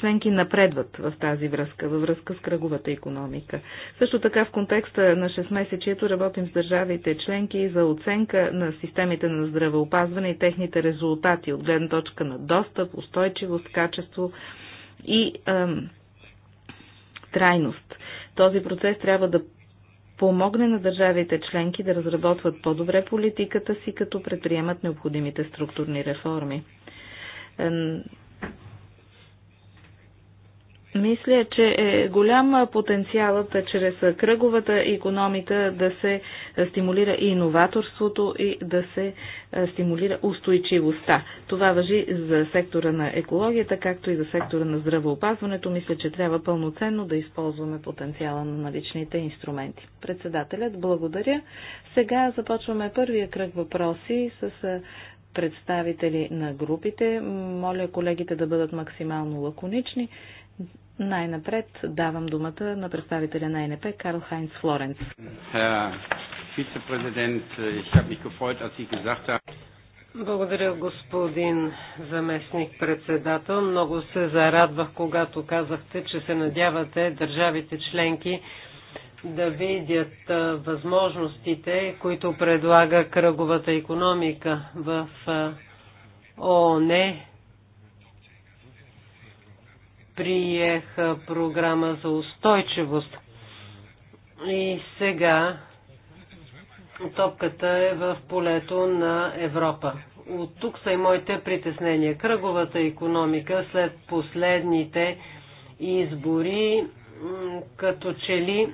членки напредват в тази връзка, във връзка с кръговата економика. Също така в контекста на 6-месечието работим с държавите членки за оценка на системите на здравеопазване и техните резултати от гледна точка на достъп, устойчивост, качество и ам, трайност. Този процес трябва да помогне на държавите членки да разработват по-добре политиката си, като предприемат необходимите структурни реформи. Мисля, че е голям потенциалът чрез кръговата економика да се стимулира и иноваторството и да се е, стимулира устойчивостта. Това въжи за сектора на екологията, както и за сектора на здравеопазването. Мисля, че трябва пълноценно да използваме потенциала на наличните инструменти. Председателят, благодаря. Сега започваме първия кръг въпроси с е, представители на групите. Моля колегите да бъдат максимално лаконични. Най-напред давам думата на представителя на НП Карл Хайнц Флоренц. Благодаря, господин заместник председател. Много се зарадвах, когато казахте, че се надявате държавите членки да видят възможностите, които предлага кръговата економика в ООН приеха програма за устойчивост. И сега топката е в полето на Европа. От тук са и моите притеснения. Кръговата економика след последните избори като че ли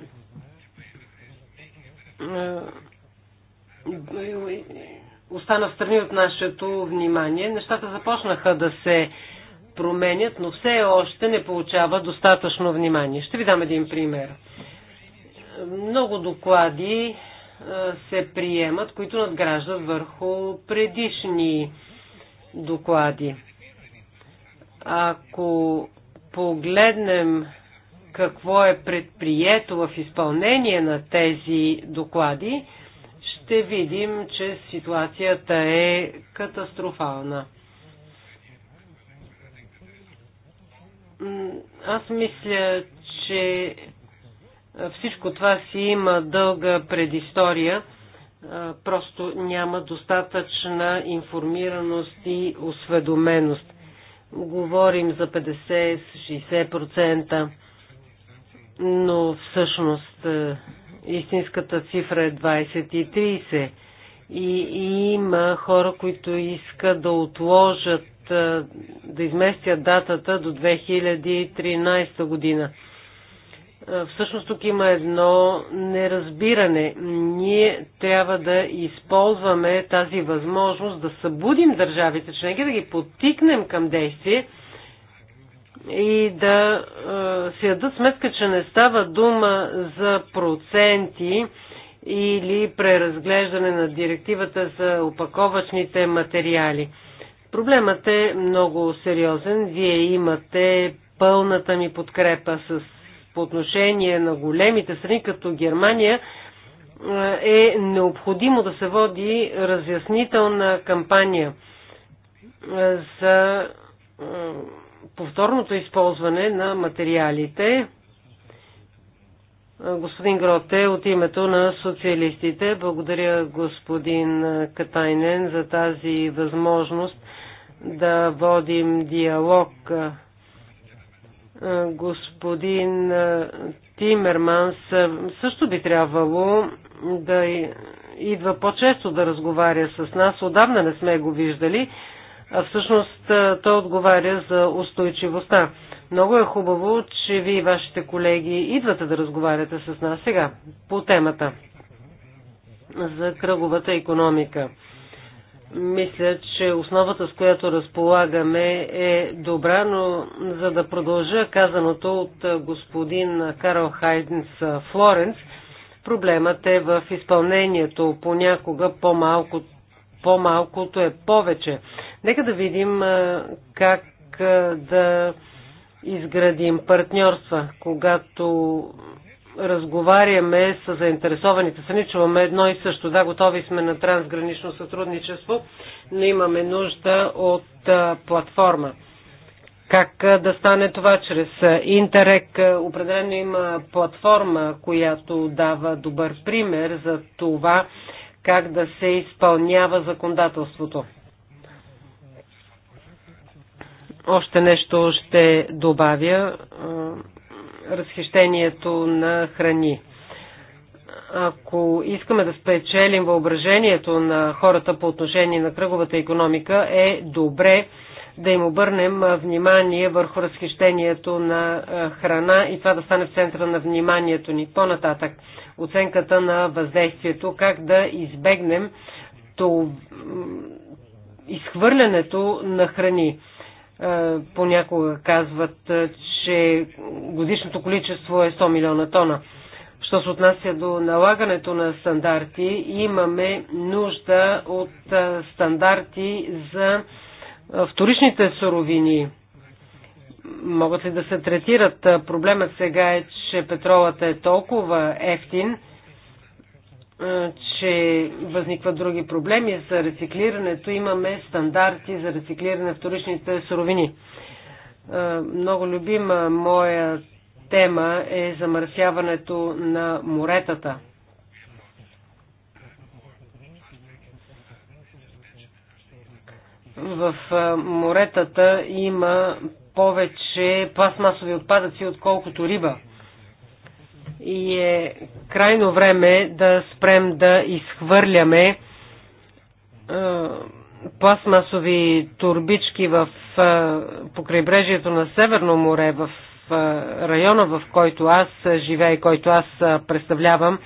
остана в страни от нашето внимание. Нещата започнаха да се променят, но все още не получава достатъчно внимание. Ще ви дам един пример. Много доклади се приемат, които надграждат върху предишни доклади. Ако погледнем какво е предприето в изпълнение на тези доклади, ще видим, че ситуацията е катастрофална. Аз мисля, че всичко това си има дълга предистория. Просто няма достатъчна информираност и осведоменост. Говорим за 50-60%, но всъщност истинската цифра е 20 и 30. И, и има хора, които искат да отложат да изместят датата до 2013 година. Всъщност тук има едно неразбиране. Ние трябва да използваме тази възможност да събудим държавите членки, да ги подтикнем към действие и да е, се ядат сметка, че не става дума за проценти или преразглеждане на директивата за опаковачните материали. Проблемът е много сериозен. Вие имате пълната ми подкрепа с, по отношение на големите страни, като Германия, е, е необходимо да се води разяснителна кампания е, за е, повторното използване на материалите. Господин Гроте, от името на социалистите, благодаря господин Катайнен за тази възможност да водим диалог. Господин Тимерманс също би трябвало да идва по-често да разговаря с нас. Отдавна не сме го виждали. А всъщност той отговаря за устойчивостта. Много е хубаво, че вие и вашите колеги идвате да разговаряте с нас сега по темата за кръговата економика. Мисля, че основата, с която разполагаме е добра, но за да продължа казаното от господин Карл Хайденс Флоренс, проблемът е в изпълнението. Понякога по-малко, по-малкото е повече. Нека да видим как да изградим партньорства, когато разговаряме с заинтересованите страни, чуваме едно и също. Да, готови сме на трансгранично сътрудничество, но имаме нужда от платформа. Как да стане това? Чрез Интерек определено има платформа, която дава добър пример за това как да се изпълнява законодателството. Още нещо ще добавя разхищението на храни. Ако искаме да спечелим въображението на хората по отношение на кръговата економика, е добре да им обърнем внимание върху разхищението на храна и това да стане в центъра на вниманието ни. По-нататък, оценката на въздействието, как да избегнем то изхвърлянето на храни. Е, понякога казват, е, че годишното количество е 100 милиона тона. Що се отнася до налагането на стандарти, имаме нужда от е, стандарти за вторичните суровини. Могат ли да се третират? Проблемът сега е, че петролът е толкова ефтин – че възникват други проблеми за рециклирането. Имаме стандарти за рециклиране на вторичните суровини. Много любима моя тема е замърсяването на моретата. В моретата има повече пластмасови отпадъци, отколкото риба – и е крайно време да спрем да изхвърляме е, пластмасови турбички в е, покрайбрежието на Северно море, в е, района, в който аз живея и който аз представлявам,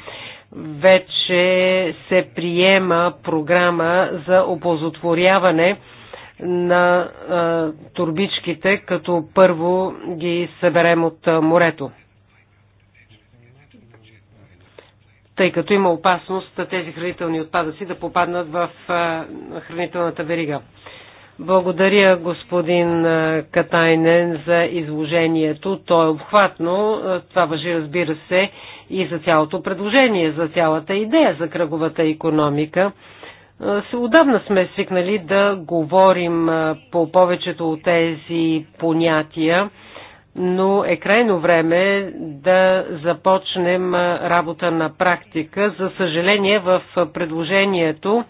вече се приема програма за оползотворяване на турбичките, като първо ги съберем от морето. тъй като има опасност тези хранителни отпадъци да попаднат в хранителната верига. Благодаря господин Катайнен за изложението. То е обхватно. Това въжи, разбира се, и за цялото предложение, за цялата идея за кръговата економика. Отдавна сме свикнали да говорим по повечето от тези понятия но е крайно време да започнем работа на практика. За съжаление в предложението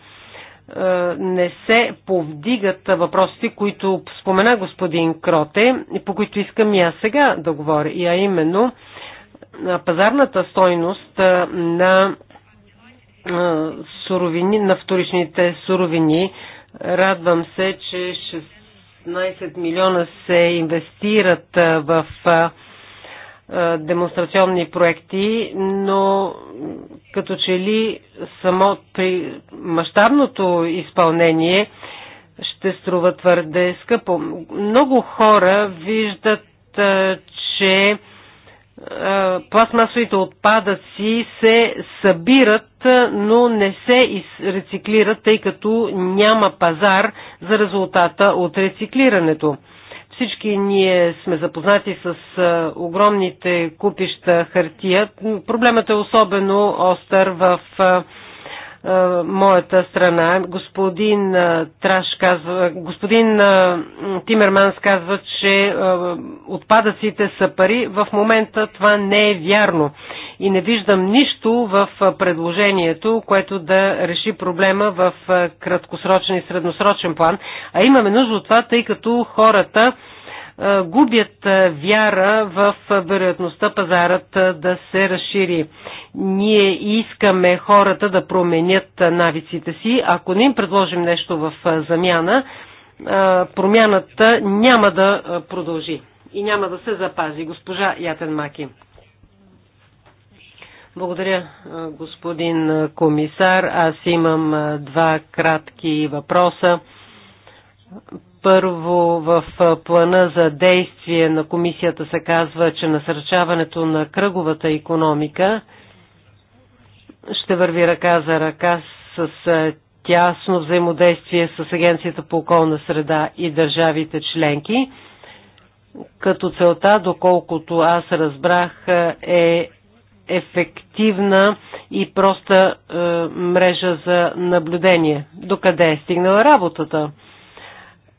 не се повдигат въпросите, които спомена господин Кроте, по които искам и аз сега да говоря, и а именно пазарната стойност на, суровини, на вторичните суровини. Радвам се, че ще 15 милиона се инвестират в демонстрационни проекти, но като че ли само при мащабното изпълнение ще струва твърде скъпо. Много хора виждат, че е, пластмасовите отпадъци се събират, е, но не се рециклират, тъй като няма пазар за резултата от рециклирането. Всички ние сме запознати с е, огромните купища хартия. Проблемът е особено остър в е, моята страна. Господин е, Траш казва, господин е, Тимерманс казва, че отпадъците са пари. В момента това не е вярно. И не виждам нищо в предложението, което да реши проблема в краткосрочен и средносрочен план. А имаме нужда от това, тъй като хората губят вяра в вероятността пазарът да се разшири. Ние искаме хората да променят навиците си. Ако не им предложим нещо в замяна, промяната няма да продължи и няма да се запази. Госпожа Ятен Маки. Благодаря, господин комисар. Аз имам два кратки въпроса. Първо в плана за действие на комисията се казва, че насърчаването на кръговата економика ще върви ръка за ръка с тясно взаимодействие с Агенцията по околна среда и държавите членки, като целта, доколкото аз разбрах, е ефективна и проста е, мрежа за наблюдение. Докъде е стигнала работата?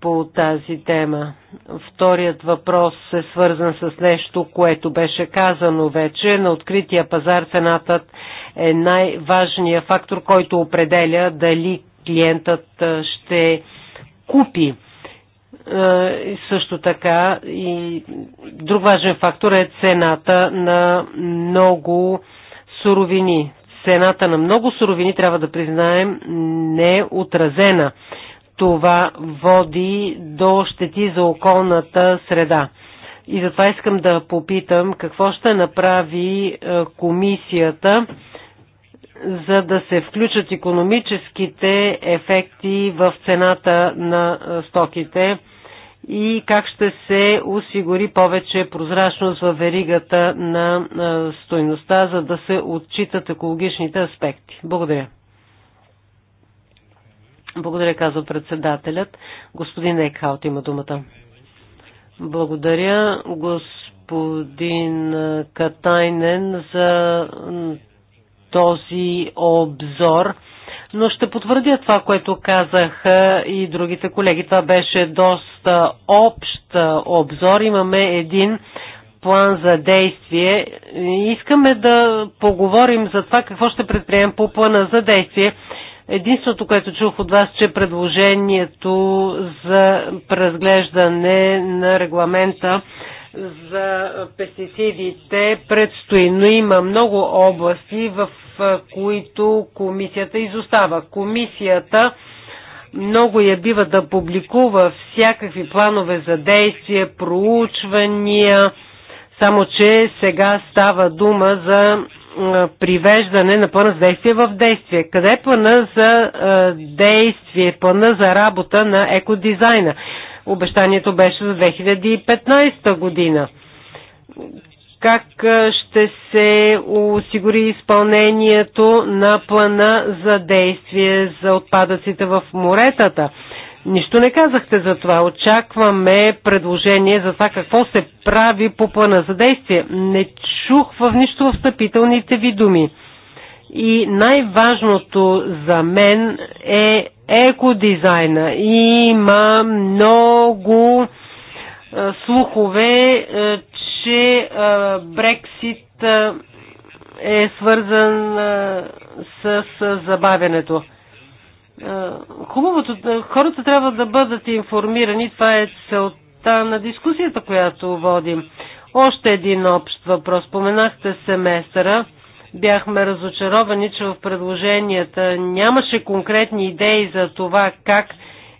по тази тема. Вторият въпрос е свързан с нещо, което беше казано вече. На открития пазар цената е най-важният фактор, който определя дали клиентът ще купи. Също така и друг важен фактор е цената на много суровини. Цената на много суровини, трябва да признаем, не е отразена това води до щети за околната среда. И затова искам да попитам какво ще направи е, комисията, за да се включат економическите ефекти в цената на е, стоките и как ще се осигури повече прозрачност във веригата на е, стойността, за да се отчитат екологичните аспекти. Благодаря. Благодаря, казва председателят. Господин Екхаут има думата. Благодаря, господин Катайнен, за този обзор. Но ще потвърдя това, което казаха и другите колеги. Това беше доста общ обзор. Имаме един план за действие. Искаме да поговорим за това какво ще предприемем по плана за действие Единството, което чух от вас, че предложението за преразглеждане на регламента за пестицидите предстои, но има много области, в които комисията изостава. Комисията много я бива да публикува всякакви планове за действие, проучвания, само че сега става дума за привеждане на плана за действие в действие. Къде е плана за действие, плана за работа на екодизайна? Обещанието беше за 2015 година. Как ще се осигури изпълнението на плана за действие за отпадъците в моретата? Нищо не казахте за това. Очакваме предложение за това какво се прави по плана за действие. Не чух в нищо в стъпителните ви думи. И най-важното за мен е екодизайна. Има много слухове, че Брексит е свързан с забавянето. Е, хубавото, е, хората трябва да бъдат информирани, това е целта на дискусията, която водим. Още един общ въпрос. Споменахте семестъра. Бяхме разочаровани, че в предложенията нямаше конкретни идеи за това как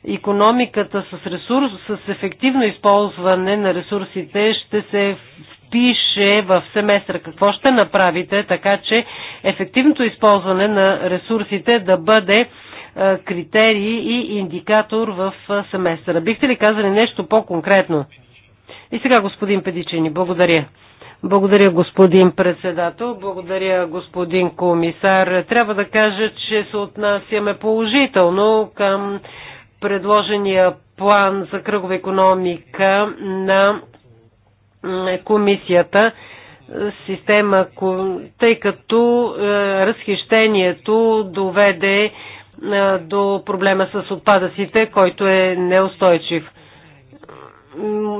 економиката с, ресурс, с ефективно използване на ресурсите ще се впише в семестър. Какво ще направите така, че ефективното използване на ресурсите да бъде е, критерий и индикатор в е, семестъра. Бихте ли казали нещо по-конкретно? И сега господин Педичини, благодаря. Благодаря, господин председател. Благодаря, господин комисар. Трябва да кажа, че се отнасяме положително към предложения план за кръгова економика на е, комисията система, тъй като разхищението доведе е, до проблема с отпадъците, който е неустойчив.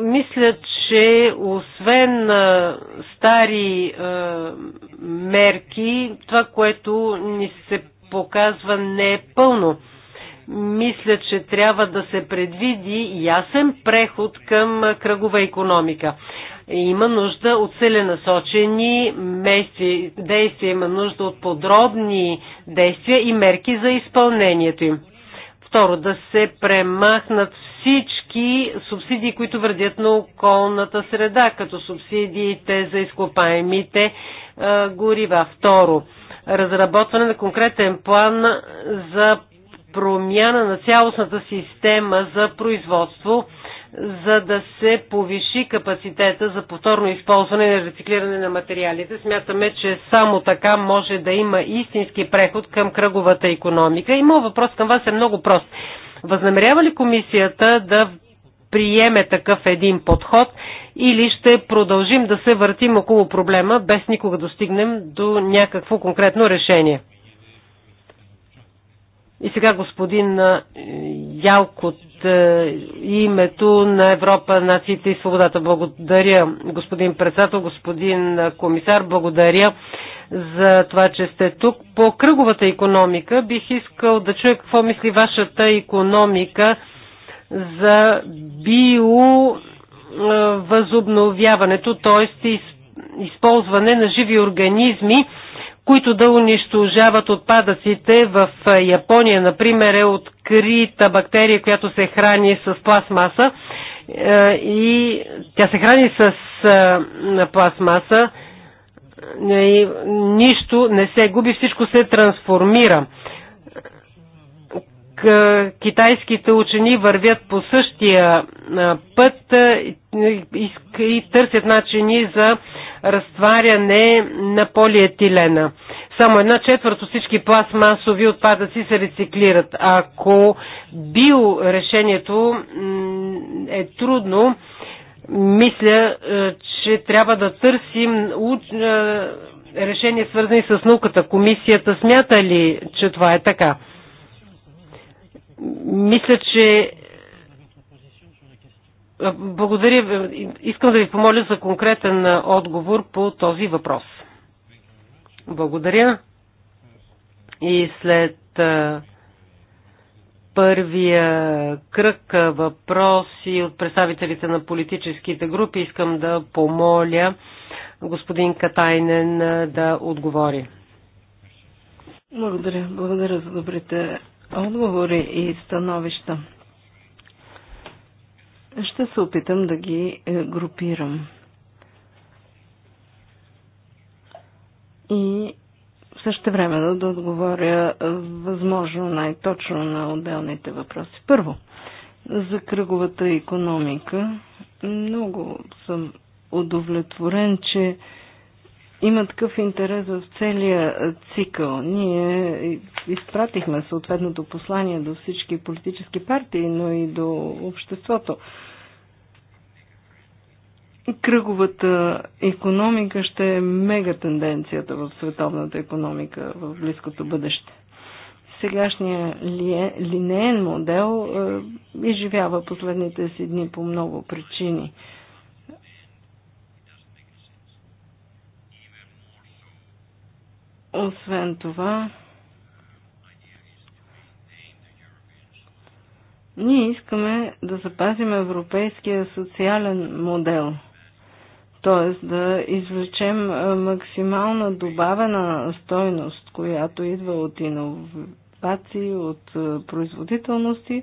Мисля, че освен е, стари е, мерки, това, което ни се показва не е пълно. Мисля, че трябва да се предвиди ясен преход към кръгова економика. Има нужда от целенасочени мести, действия, има нужда от подробни действия и мерки за изпълнението им. Второ, да се премахнат всички субсидии, които вредят на околната среда, като субсидиите за изкопаемите е, горива. Второ, разработване на конкретен план за промяна на цялостната система за производство за да се повиши капацитета за повторно използване и рециклиране на материалите. Смятаме, че само така може да има истински преход към кръговата економика. И моят въпрос към вас е много прост. Възнамерява ли комисията да приеме такъв един подход или ще продължим да се въртим около проблема, без никога да стигнем до някакво конкретно решение? И сега господин Ялкот, името на Европа, нациите и свободата. Благодаря, господин председател, господин комисар, благодаря за това, че сте тук. По кръговата економика бих искал да чуя какво мисли вашата економика за биовъзобновяването, т.е. използване на живи организми които да унищожават отпадъците. В Япония, например, е открита бактерия, която се храни с пластмаса е, и тя се храни с пластмаса. Е, и нищо не се губи, всичко се трансформира. Китайските учени вървят по същия път е, и търсят начини за разтваряне на полиетилена. Само една четвърт от всички пластмасови отпадъци се рециклират. Ако био решението е трудно, мисля, е, че трябва да търсим е, решения свързани с науката. Комисията смята ли, че това е така? Мисля, че благодаря. Искам да ви помоля за конкретен отговор по този въпрос. Благодаря. И след първия кръг въпроси от представителите на политическите групи искам да помоля господин Катайнен да отговори. Благодаря. Благодаря за добрите отговори и становища. Ще се опитам да ги е, групирам. И същото време да отговоря е, възможно най-точно на отделните въпроси. Първо, за кръговата економика. Много съм удовлетворен, че има такъв интерес в целия цикъл. Ние изпратихме съответното послание до всички политически партии, но и до обществото. Кръговата економика ще е мега тенденцията в световната економика в близкото бъдеще. Сегашният линеен модел изживява последните си дни по много причини – Освен това, ние искаме да запазим европейския социален модел, т.е. да извлечем максимална добавена стойност, която идва от иновации, от производителности,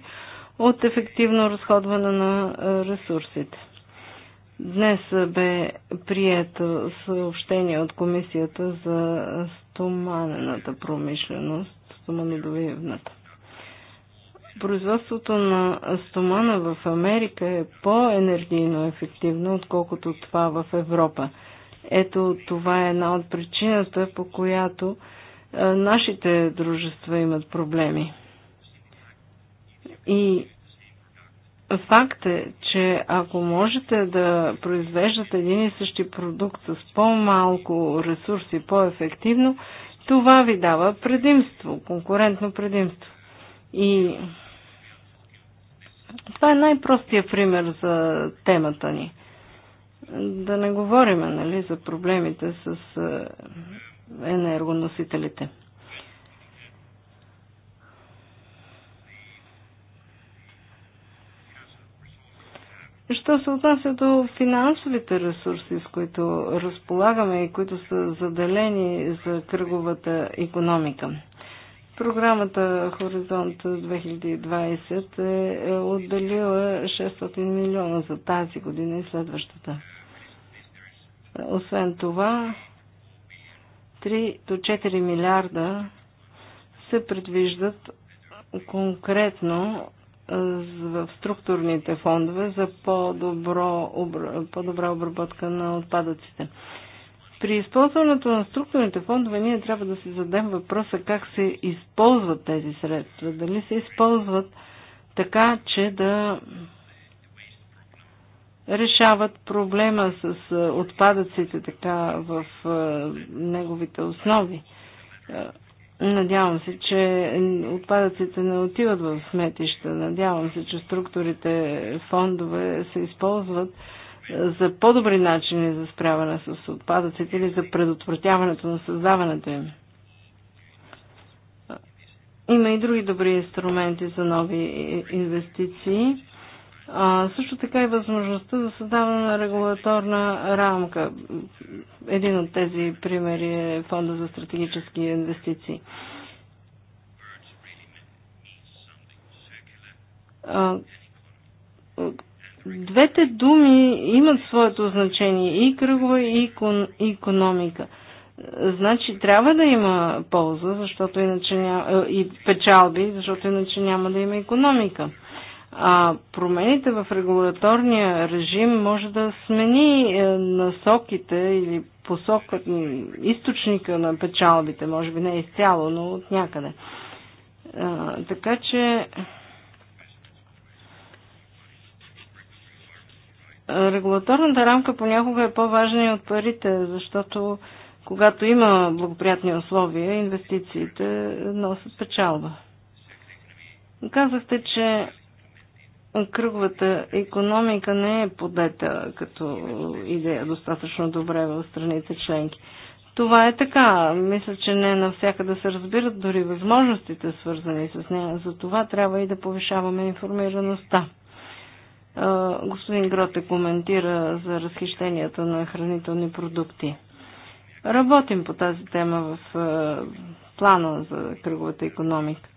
от ефективно разходване на ресурсите. Днес бе прието съобщение от Комисията за стоманената промишленост, стоманодобивната. Производството на стомана в Америка е по-енергийно ефективно, отколкото това в Европа. Ето това е една от причината, по която нашите дружества имат проблеми. И Факт е, че ако можете да произвеждате един и същи продукт с по-малко ресурси, по-ефективно, това ви дава предимство, конкурентно предимство. И това е най-простия пример за темата ни. Да не говорим, нали, за проблемите с е, енергоносителите. Що се отнася до финансовите ресурси, с които разполагаме и които са заделени за кръговата економика? Програмата Хоризонт 2020 е, е отделила 600 милиона за тази година и следващата. Освен това, 3 до 4 милиарда се предвиждат конкретно в структурните фондове за по-добро, по-добра обработка на отпадъците. При използването на структурните фондове ние трябва да си зададем въпроса как се използват тези средства. Дали се използват така, че да решават проблема с отпадъците така в неговите основи Надявам се, че отпадъците не отиват в сметища. Надявам се, че структурите, фондове се използват е, за по-добри начини за справяне с отпадъците или за предотвратяването на създаването им. Има и други добри инструменти за нови е, инвестиции. А, също така и възможността за създаване на регулаторна рамка. Един от тези примери е Фонда за стратегически инвестиции. А, двете думи имат своето значение и кръгова, и, икон, и економика. Значи трябва да има полза, защото иначе няма, и печалби, защото иначе няма да има економика. А промените в регулаторния режим може да смени е, насоките или посока, източника на печалбите, може би не изцяло, но от някъде. А, така че регулаторната рамка понякога е по-важна и от парите, защото когато има благоприятни условия, инвестициите носят печалба. Казахте, че кръговата економика не е подета като идея достатъчно добре в страните членки. Това е така. Мисля, че не навсякъде се разбират дори възможностите, свързани с нея. За това трябва и да повишаваме информираността. Господин Гроте коментира за разхищенията на хранителни продукти. Работим по тази тема в плана за кръговата економика.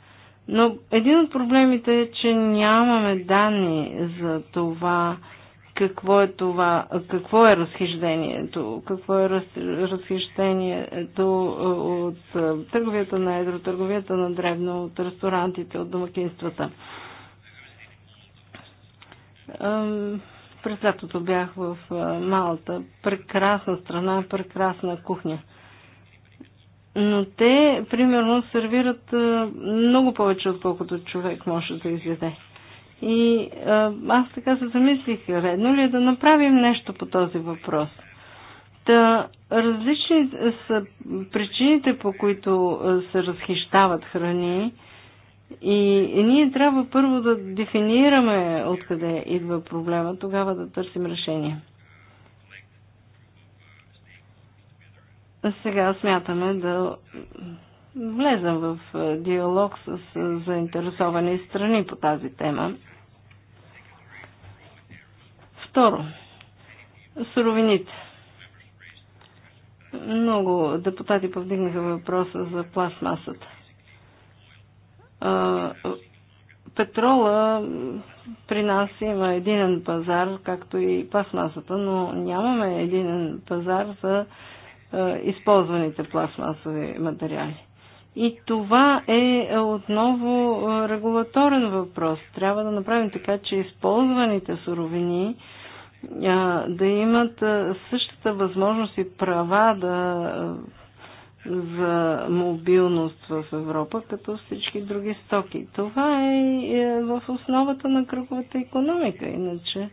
Но един от проблемите е, че нямаме данни за това какво е това, какво е разхищението, какво е раз, разхищението е, от е, търговията на едро, търговията на древно, от ресторантите, от домакинствата. През лятото бях в е, Малта. Прекрасна страна, прекрасна кухня – но те, примерно, сервират много повече, отколкото човек може да изяде. И аз така се замислих, редно ли е да направим нещо по този въпрос? Та, различни са причините, по които се разхищават храни. И, и ние трябва първо да дефинираме откъде идва проблема, тогава да търсим решение. сега смятаме да влезем в е, диалог с е, заинтересовани страни по тази тема. Второ, суровините. Много депутати повдигнаха въпроса за пластмасата. Петрола при нас има единен пазар, както и пластмасата, но нямаме единен пазар за е, използваните пластмасови материали. И това е отново е, регулаторен въпрос. Трябва да направим така, че използваните суровини е, да имат същата възможност и права да, за мобилност в Европа, като всички други стоки. Това е в основата на кръговата економика, иначе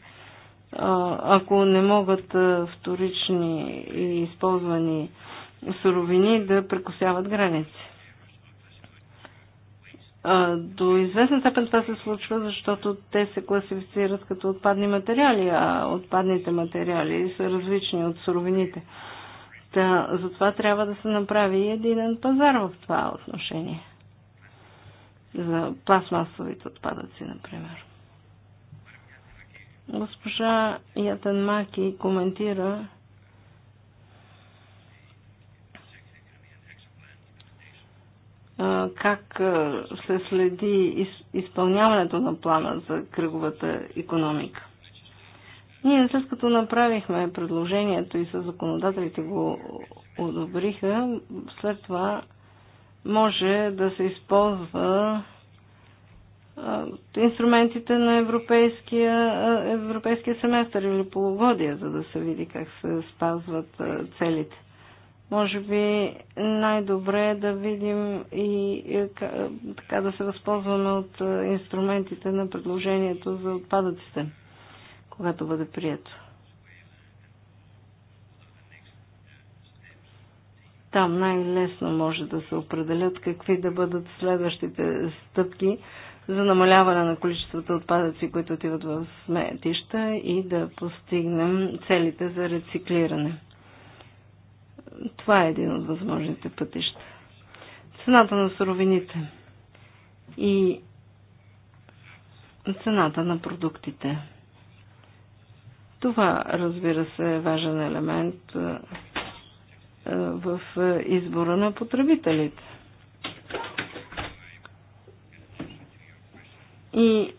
ако не могат вторични и използвани суровини да прекусяват граници. До известна степен това се случва, защото те се класифицират като отпадни материали, а отпадните материали са различни от суровините. Та, затова трябва да се направи и един пазар в това отношение. За пластмасовите отпадъци, например. Госпожа Ятанмаки коментира, как се следи изпълняването на плана за кръговата економика. Ние след като направихме предложението и с законодателите го одобриха, след това може да се използва инструментите на европейския, европейския семестър или полугодия, за да се види как се спазват целите. Може би най-добре е да видим и е, е, така да се възползваме от е, инструментите на предложението за отпадъците, когато бъде прието. Там най-лесно може да се определят какви да бъдат следващите стъпки, за намаляване на количеството отпадъци, които отиват в сметища и да постигнем целите за рециклиране. Това е един от възможните пътища. Цената на суровините и цената на продуктите. Това, разбира се, е важен елемент в избора на потребителите. И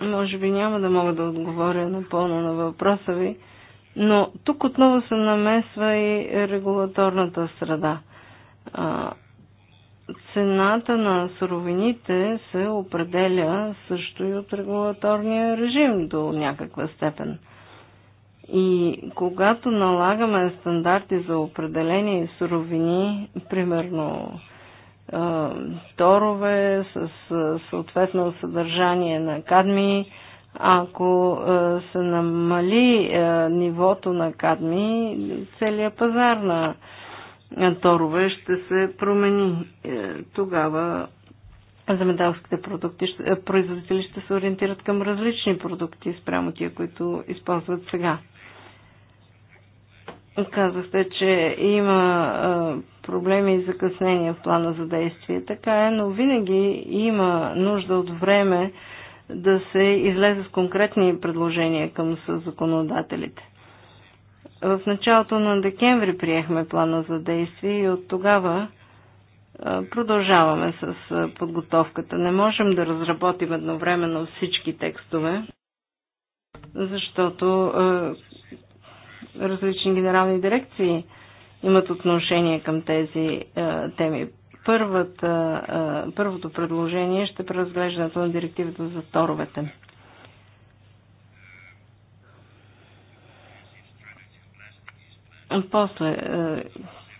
може би няма да мога да отговоря напълно на въпроса ви, но тук отново се намесва и регулаторната среда. Цената на суровините се определя също и от регулаторния режим до някаква степен. И когато налагаме стандарти за определени суровини, примерно торове с съответно съдържание на кадми. Ако се намали нивото на кадми, целият пазар на торове ще се промени. Е, тогава земеделските продукти, е, производители ще се ориентират към различни продукти спрямо тия, които използват сега. Казахте, че има проблеми и закъснения в плана за действие. Така е, но винаги има нужда от време да се излезе с конкретни предложения към законодателите. В началото на декември приехме плана за действие и от тогава продължаваме с подготовката. Не можем да разработим едновременно всички текстове, защото различни генерални дирекции имат отношение към тези а, е, теми. Първата, а, е, първото предложение ще преразглеждането на директивата за торовете. После, а, е,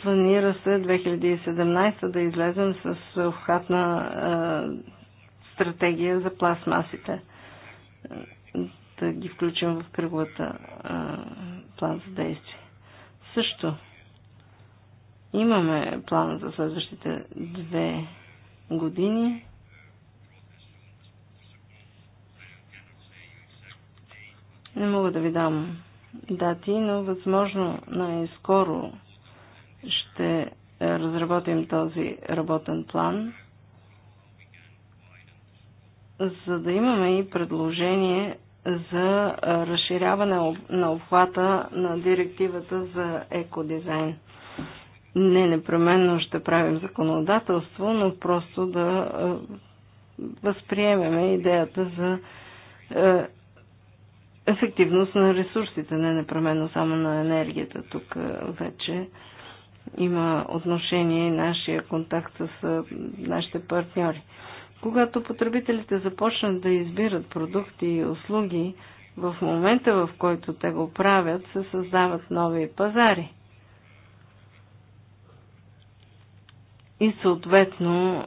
планира се 2017 да излезем с обхватна а, стратегия за пластмасите. Да ги включим в кръглата а, план за действие. Също Имаме план за следващите две години. Не мога да ви дам дати, но възможно най-скоро ще разработим този работен план, за да имаме и предложение за разширяване на обхвата на директивата за екодизайн не непременно ще правим законодателство, но просто да възприемеме идеята за ефективност на ресурсите, не непременно само на енергията. Тук вече има отношение и нашия контакт с нашите партньори. Когато потребителите започнат да избират продукти и услуги, в момента в който те го правят, се създават нови пазари – и съответно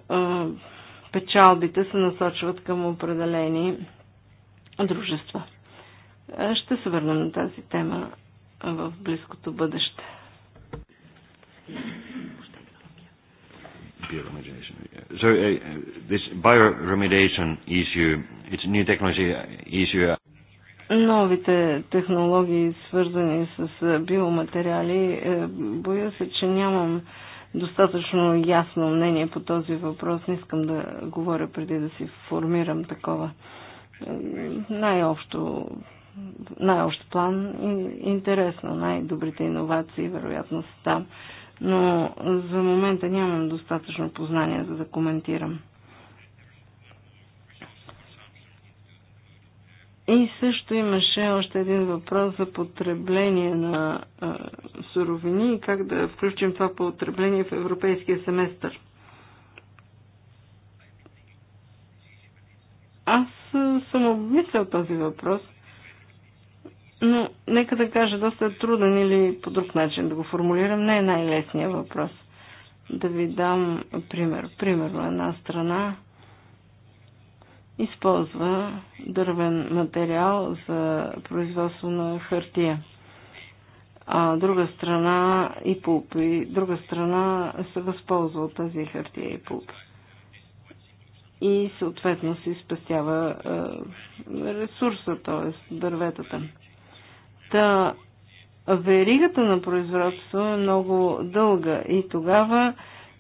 печалбите се насочват към определени дружества. Ще се върнем на тази тема в близкото бъдеще. So uh, this bioremediation issue, it's new technology issue. Новите технологии, свързани с биоматериали, е, боя се, че нямам достатъчно ясно мнение по този въпрос. Не искам да говоря преди да си формирам такова най-общо най-общ план интересно. Най-добрите иновации вероятно са там. Но за момента нямам достатъчно познания, за да коментирам. И също имаше още един въпрос за потребление на а, суровини и как да включим това потребление в европейския семестър. Аз съм обмислял този въпрос, но нека да кажа, доста е труден или по друг начин да го формулирам, не е най-лесният въпрос. Да ви дам пример. Примерно една страна използва дървен материал за производство на хартия. А друга страна и пулп, и друга страна се възползва от тази хартия и пулп. И съответно се изпъстява ресурса, т.е. дърветата. Та веригата на производство е много дълга и тогава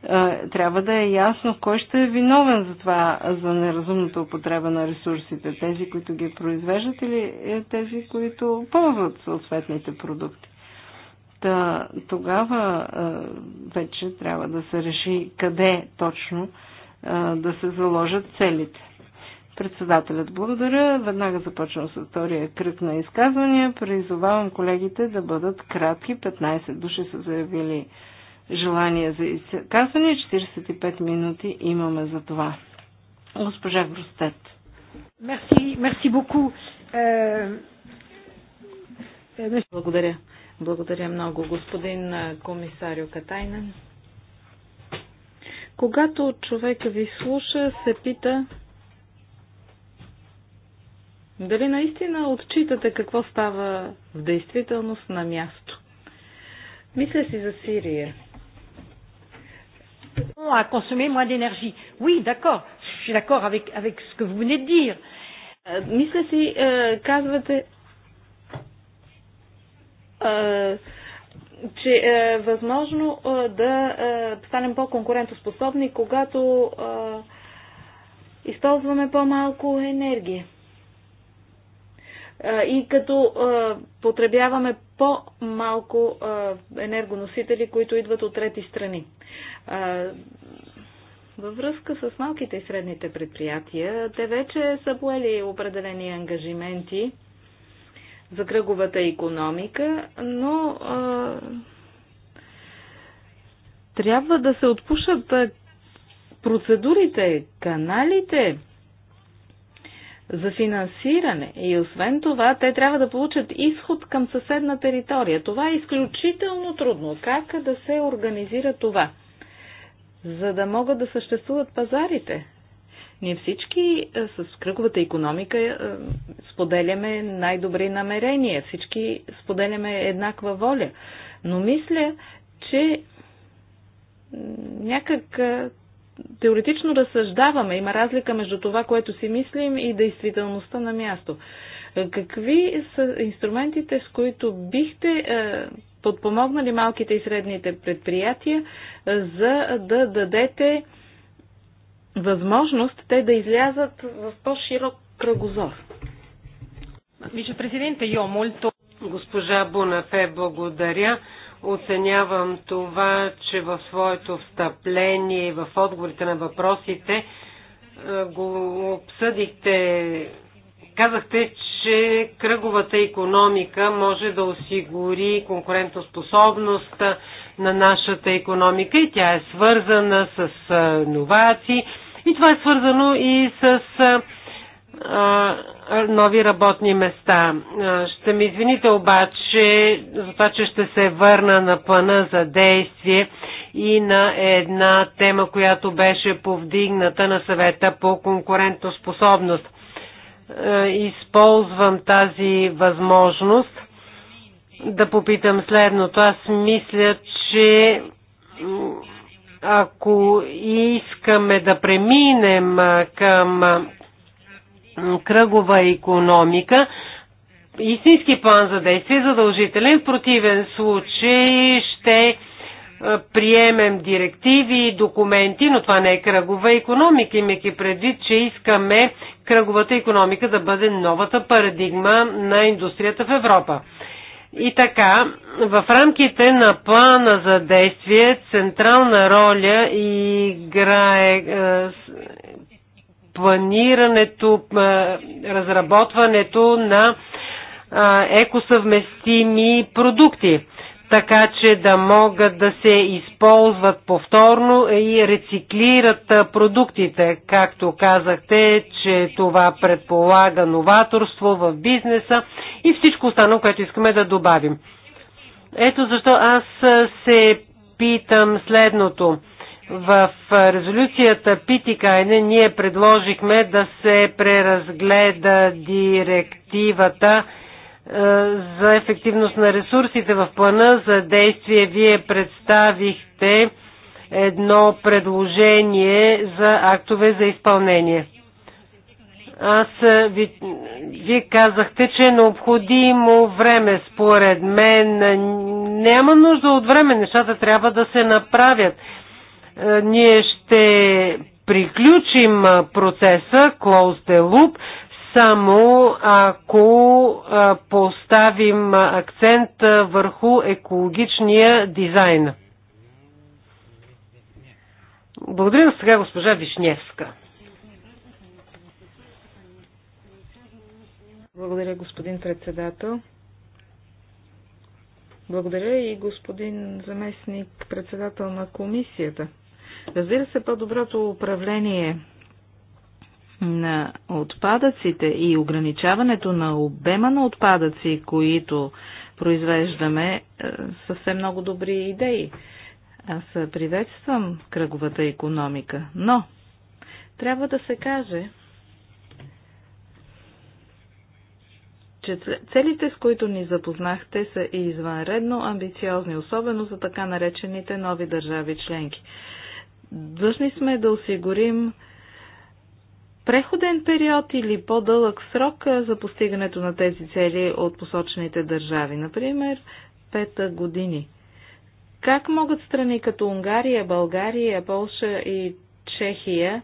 е, трябва да е ясно кой ще е виновен за това, за неразумната употреба на ресурсите. Тези, които ги произвеждат или е, тези, които ползват съответните продукти. Та, тогава е, вече трябва да се реши къде точно да се заложат целите. Председателят благодаря. Веднага започвам с втория кръг на изказвания. Призовавам колегите да бъдат кратки. 15 души са заявили желание за изказване. 45 минути имаме за това. Госпожа Гростет. Мерси, мерси боку. Благодаря. Благодаря много, господин е, комисарио Катайнен. Когато човек ви слуша, се пита дали наистина отчитате какво става в действителност на място. Мисля си за Сирия à consommer moins d'énergie. Oui, d'accord, je suis d'accord avec, avec ce que vous venez de dire. мисля euh, си, euh, казвате, euh, че е възможно е, да е, станем по-конкурентоспособни, когато е, използваме по-малко енергия. Е, и като е, потребяваме по-малко е, енергоносители, които идват от трети страни. Във връзка с малките и средните предприятия, те вече са поели определени ангажименти за кръговата економика, но а, трябва да се отпушат процедурите, каналите за финансиране и освен това те трябва да получат изход към съседна територия. Това е изключително трудно. Как да се организира това? за да могат да съществуват пазарите. Ние всички е, с кръговата економика е, споделяме най-добри намерения, всички споделяме еднаква воля. Но мисля, че някак е, теоретично разсъждаваме. Има разлика между това, което си мислим и действителността на място. Какви са инструментите, с които бихте подпомогнали малките и средните предприятия, за да дадете възможност те да излязат в по-широк кръгозор. Вице-президенте, йо, Госпожа Бунафе, благодаря. Оценявам това, че в своето встъпление и в отговорите на въпросите го обсъдихте Казахте, че кръговата економика може да осигури конкурентоспособност на нашата економика и тя е свързана с новации и това е свързано и с нови работни места. Ще ми извините обаче за това, че ще се върна на плана за действие и на една тема, която беше повдигната на съвета по конкурентоспособност. Е, използвам тази възможност да попитам следното. Аз мисля, че ако искаме да преминем към кръгова економика, истински план за действие е задължителен. В противен случай ще приемем директиви и документи, но това не е кръгова економика, имайки предвид, че искаме кръговата економика да бъде новата парадигма на индустрията в Европа. И така, в рамките на плана за действие централна роля играе е, планирането, е, разработването на е, екосъвместими продукти така че да могат да се използват повторно и рециклират продуктите. Както казахте, че това предполага новаторство в бизнеса и всичко останало, което искаме да добавим. Ето защо аз се питам следното. В резолюцията Питикайне ние предложихме да се преразгледа директивата е, за ефективност на ресурсите в плана за действие вие представихте едно предложение за актове за изпълнение. Аз е, ви, вие казахте, че е необходимо време. Според мен е, няма нужда от време. Нещата трябва да се направят. Ние ще приключим процеса, close the loop, само ако поставим акцент върху екологичния дизайн. Благодаря сега госпожа Вишневска. Благодаря, господин председател. Благодаря и господин заместник председател на комисията. Разбира се, по-доброто управление на отпадъците и ограничаването на обема на отпадъци, които произвеждаме, е, са все много добри идеи. Аз приветствам кръговата економика, но трябва да се каже, че целите, с които ни запознахте, са и извънредно амбициозни, особено за така наречените нови държави членки. Длъжни сме да осигурим преходен период или по-дълъг срок за постигането на тези цели от посочените държави, например пета години. Как могат страни като Унгария, България, Полша и Чехия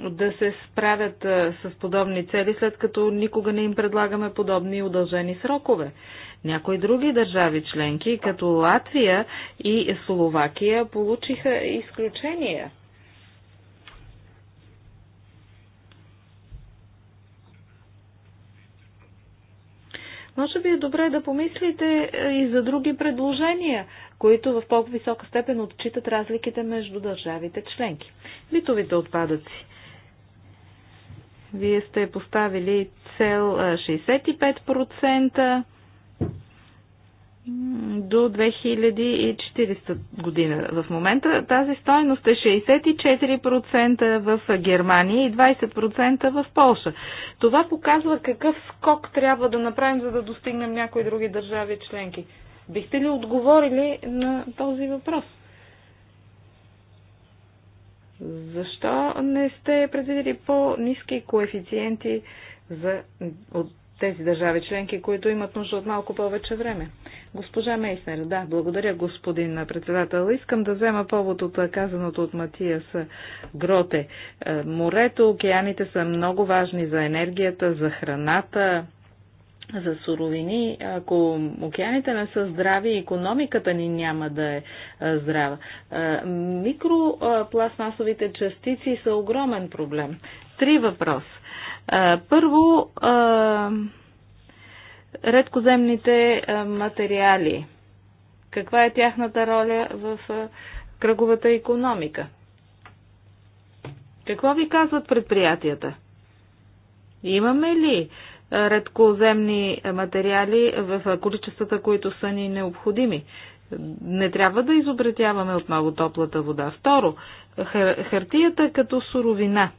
да се справят с подобни цели, след като никога не им предлагаме подобни удължени срокове? Някои други държави членки, като Латвия и Словакия, получиха изключения Може би е добре да помислите е, и за други предложения, които в по-висока степен отчитат разликите между държавите членки. Битовите отпадъци. Вие сте поставили цел 65%. Е, до 2040 година. В момента тази стойност е 64% в Германия и 20% в Польша. Това показва какъв скок трябва да направим, за да достигнем някои други държави членки. Бихте ли отговорили на този въпрос? Защо не сте предвидели по-низки коефициенти за, от тези държави членки, които имат нужда от малко повече време? Госпожа Мейснер, да, благодаря господин председател. Искам да взема повод от казаното от Матиас Гроте. Е, морето, океаните са много важни за енергията, за храната, за суровини. Ако океаните не са здрави, економиката ни няма да е, е здрава. Е, микропластмасовите частици са огромен проблем. Три въпроса. Първо, редкоземните материали. Каква е тяхната роля в кръговата економика? Какво ви казват предприятията? Имаме ли редкоземни материали в количествата, които са ни необходими? Не трябва да изобретяваме отново топлата вода. Второ, хартията като суровина.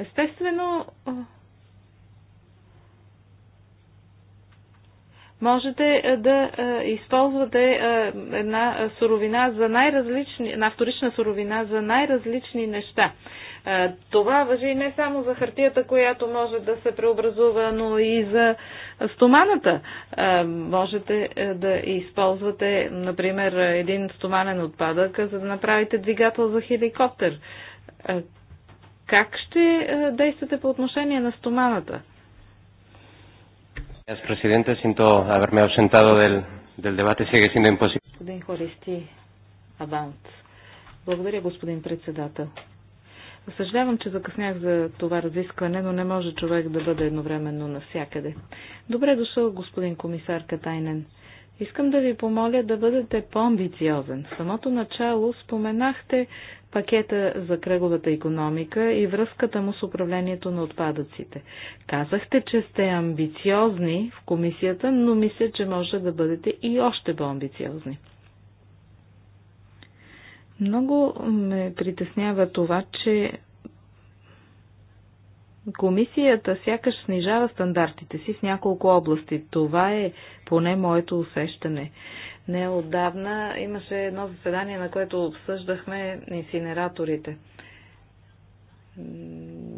Естествено, можете да използвате една суровина за най-различни, една вторична суровина за най-различни неща. Това въжи не само за хартията, която може да се преобразува, но и за стоманата. Можете да използвате, например, един стоманен отпадък, за да направите двигател за хеликоптер как ще е, действате по отношение на стоманата? Господин Хористи Абант. Благодаря, господин председател. Съжалявам, че закъснях за това разискване, но не може човек да бъде едновременно навсякъде. Добре дошъл, господин комисар Катайнен. Искам да ви помоля да бъдете по-амбициозен. В самото начало споменахте пакета за кръговата економика и връзката му с управлението на отпадъците. Казахте, че сте амбициозни в комисията, но мисля, че може да бъдете и още по-амбициозни. Много ме притеснява това, че Комисията сякаш снижава стандартите си в няколко области. Това е поне моето усещане. Не отдавна имаше едно заседание, на което обсъждахме инсинераторите.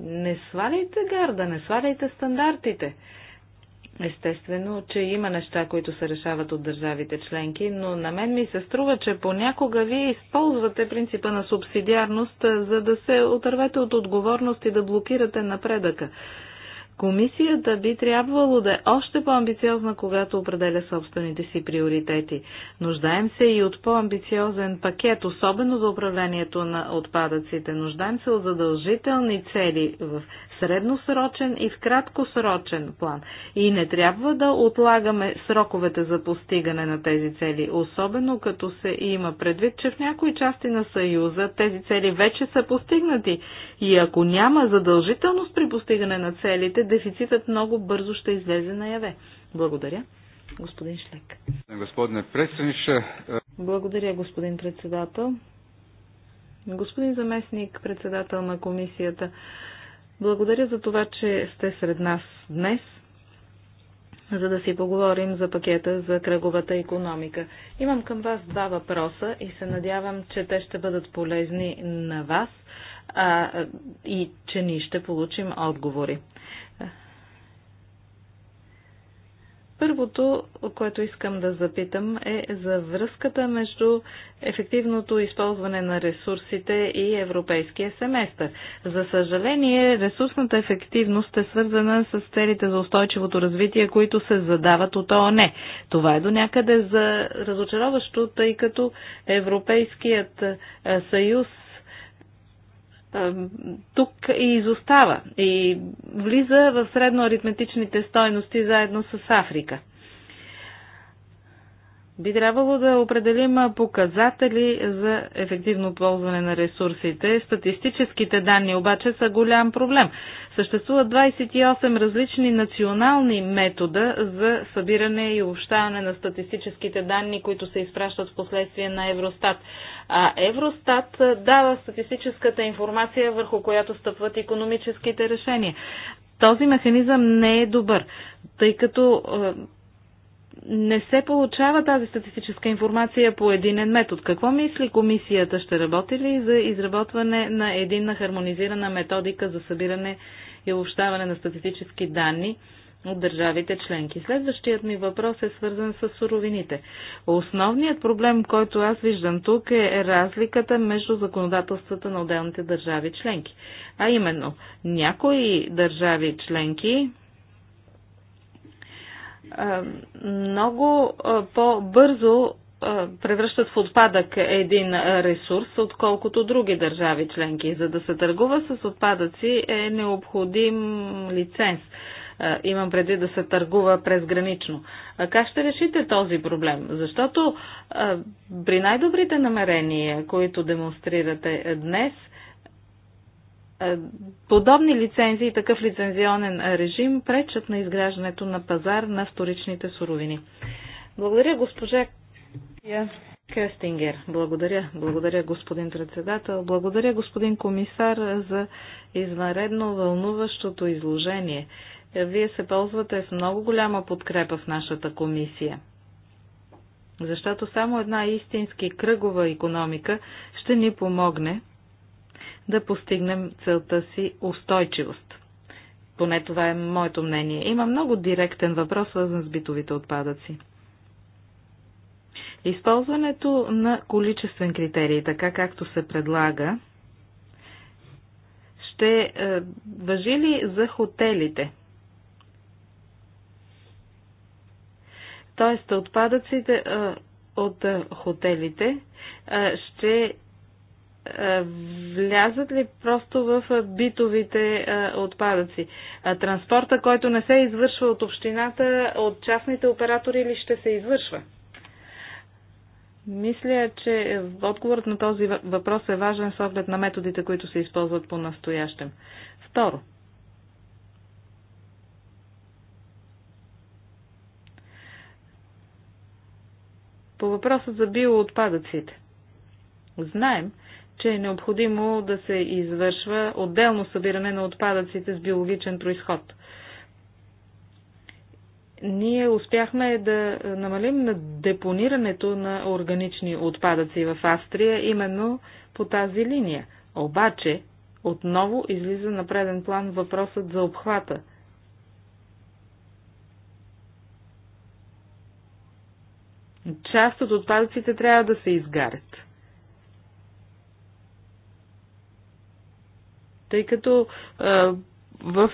Не сваляйте гарда, не сваляйте стандартите. Естествено, че има неща, които се решават от държавите членки, но на мен ми се струва, че понякога вие използвате принципа на субсидиарност, за да се отървете от отговорност и да блокирате напредъка. Комисията би трябвало да е още по-амбициозна, когато определя собствените си приоритети. Нуждаем се и от по-амбициозен пакет, особено за управлението на отпадъците. Нуждаем се от задължителни цели в средносрочен и в краткосрочен план. И не трябва да отлагаме сроковете за постигане на тези цели, особено като се има предвид, че в някои части на Съюза тези цели вече са постигнати. И ако няма задължителност при постигане на целите, дефицитът много бързо ще излезе наяве. Благодаря. Господин Шлек. Господин председнише. Е, Благодаря, господин председател. Господин заместник, председател на комисията, благодаря за това, че сте сред нас днес, за да си поговорим за пакета за кръговата економика. Имам към вас два въпроса и се надявам, че те ще бъдат полезни на вас а, и че ние ще получим отговори. Първото, което искам да запитам е за връзката между ефективното използване на ресурсите и европейския семестър. За съжаление, ресурсната ефективност е свързана с целите за устойчивото развитие, които се задават от ООН. Това е до някъде за разочароващо, тъй като Европейският съюз тук и изостава и влиза в средноаритметичните стойности заедно с Африка. Би трябвало да определим показатели за ефективно ползване на ресурсите. Статистическите данни обаче са голям проблем. Съществуват 28 различни национални метода за събиране и общаване на статистическите данни, които се изпращат в последствие на Евростат. А Евростат дава статистическата информация, върху която стъпват економическите решения. Този механизъм не е добър, тъй като не се получава тази статистическа информация по единен метод. Какво мисли комисията? Ще работи ли за изработване на единна хармонизирана методика за събиране и общаване на статистически данни от държавите членки? Следващият ми въпрос е свързан с суровините. Основният проблем, който аз виждам тук е разликата между законодателствата на отделните държави членки. А именно, някои държави членки е, много е, по-бързо е, превръщат в отпадък един ресурс, отколкото други държави членки. За да се търгува с отпадъци е необходим лиценз. Имам преди да се търгува презгранично. Как ще решите този проблем? Защото при най-добрите намерения, които демонстрирате днес – е, подобни лицензии и такъв лицензионен режим пречат на изграждането на пазар на вторичните суровини. Благодаря, госпожа Кестингер. Благодаря. Благодаря, господин председател. Благодаря, господин комисар, за извънредно вълнуващото изложение. Вие се ползвате с много голяма подкрепа в нашата комисия. Защото само една истински кръгова економика ще ни помогне да постигнем целта си устойчивост. Поне това е моето мнение. Има много директен въпрос, свързан с битовите отпадъци. Използването на количествен критерий, така както се предлага, ще е, въжи ли за хотелите? Тоест, отпадъците е, от е, хотелите е, ще е, влязат ли просто в е, битовите е, отпадъци? Транспорта, който не се извършва от общината, от частните оператори ли ще се извършва? Мисля, че отговорът на този въпрос е важен с оглед на методите, които се използват по-настоящем. Второ. По въпроса за биоотпадъците. Знаем, че е необходимо да се извършва отделно събиране на отпадъците с биологичен происход. Ние успяхме да намалим на депонирането на органични отпадъци в Австрия именно по тази линия. Обаче, отново излиза на преден план въпросът за обхвата част от отпадъците трябва да се изгарят. тъй като в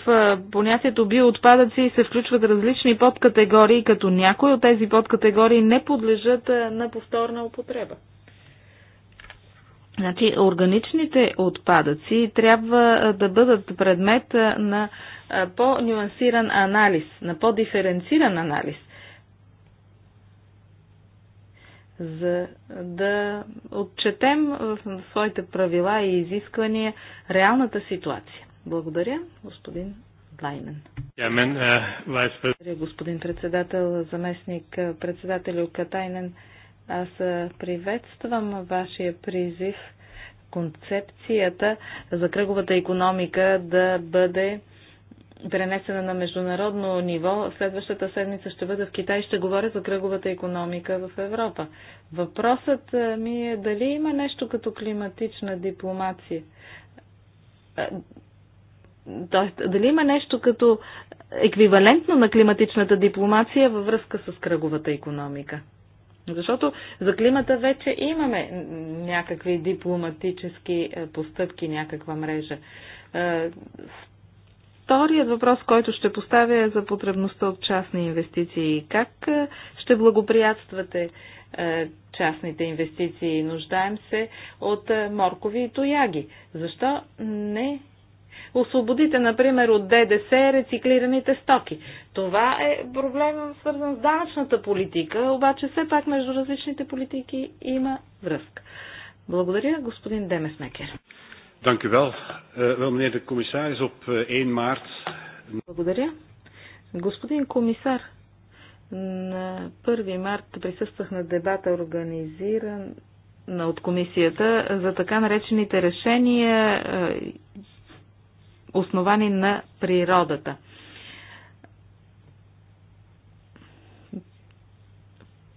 понятието биоотпадъци се включват различни подкатегории, като някои от тези подкатегории не подлежат на повторна употреба. Значи, органичните отпадъци трябва да бъдат предмет на по-нюансиран анализ, на по-диференциран анализ – за да отчетем в своите правила и изисквания реалната ситуация. Благодаря, господин Лайнен. Е, Благодаря, господин председател, заместник е, председател Катайнен. Аз е, приветствам вашия призив концепцията за кръговата економика да бъде пренесена на международно ниво. Следващата седмица ще бъда в Китай и ще говоря за кръговата економика в Европа. Въпросът е, ми е дали има нещо като климатична дипломация. Е, тоест, дали има нещо като еквивалентно на климатичната дипломация във връзка с кръговата економика? Защото за климата вече имаме някакви дипломатически е, постъпки, някаква мрежа Вторият въпрос, който ще поставя е за потребността от частни инвестиции. Как е, ще благоприятствате е, частните инвестиции? Нуждаем се от е, моркови и тояги. Защо не освободите, например, от ДДС рециклираните стоки. Това е проблем свързан с данъчната политика, обаче все пак между различните политики има връзка. Благодаря, господин Демесмекер. Dank u wel. Uh, wel, meneer de commissaris, op uh, eh, 1 maart. Благодаря. Господин комисар, на 1 март присъствах на дебата, организиран от комисията за така наречените решения, е, основани на природата.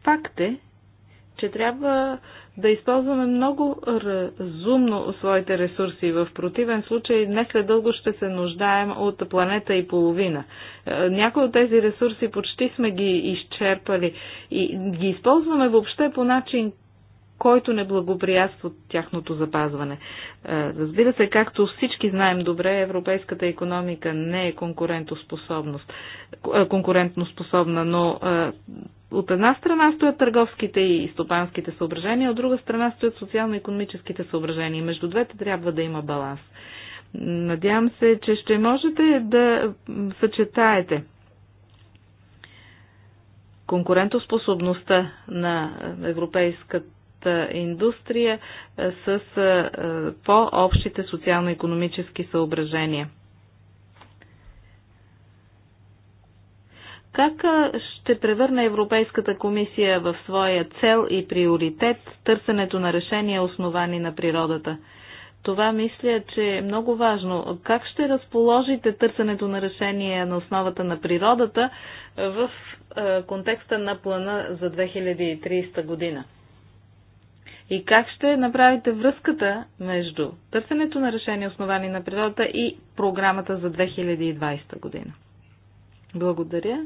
Факт е, че трябва да използваме много разумно своите ресурси. В противен случай не след дълго ще се нуждаем от планета и половина. Е, някои от тези ресурси почти сме ги изчерпали и ги използваме въобще по начин, който не благоприятства тяхното запазване. Е, разбира се, както всички знаем добре, европейската економика не е конкурентоспособна, е, но е, от една страна стоят търговските и стопанските съображения, от друга страна стоят социално-економическите съображения. Между двете трябва да има баланс. Надявам се, че ще можете да съчетаете конкурентоспособността на европейската нашата индустрия е, с е, по-общите социално-економически съображения. Как е, ще превърне Европейската комисия в своя цел и приоритет търсенето на решения, основани на природата? Това мисля, че е много важно. Как ще разположите търсенето на решение на основата на природата в контекста на плана за 2030 година? И как ще направите връзката между търсенето на решения, основани на природата и програмата за 2020 година? Благодаря,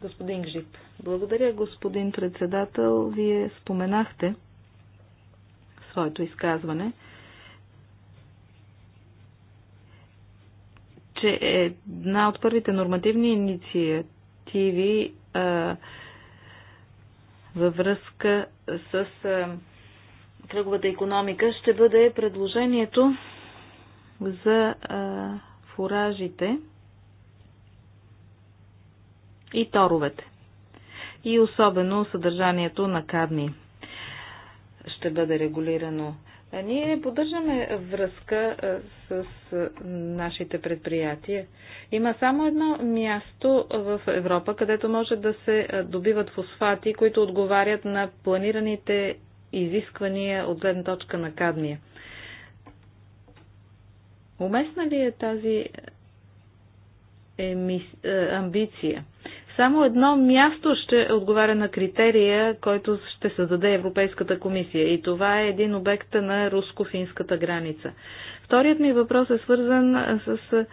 господин Гжип. Благодаря, господин председател. Вие споменахте своето изказване, че една от първите нормативни инициативи а, във връзка с а, кръговата економика ще бъде предложението за а, фуражите и торовете. И особено съдържанието на кадми ще бъде регулирано. А ние поддържаме връзка с нашите предприятия. Има само едно място в Европа, където може да се добиват фосфати, които отговарят на планираните изисквания от гледна точка на кадмия. Уместна ли е тази емис... Е, амбиция? Само едно място ще отговаря на критерия, който ще създаде Европейската комисия. И това е един обект на руско-финската граница. Вторият ми въпрос е свързан с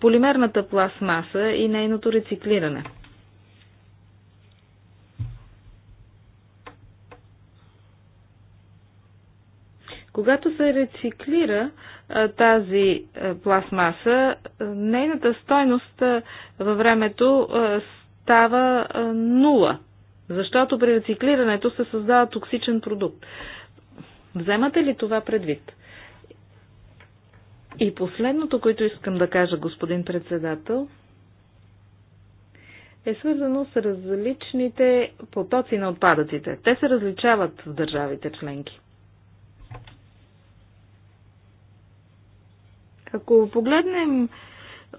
полимерната пластмаса и нейното рециклиране. Когато се рециклира тази пластмаса, нейната стойност във времето става нула, защото при рециклирането се създава токсичен продукт. Вземате ли това предвид? И последното, което искам да кажа, господин председател, е свързано с различните потоци на отпадъците. Те се различават в държавите членки. Ако погледнем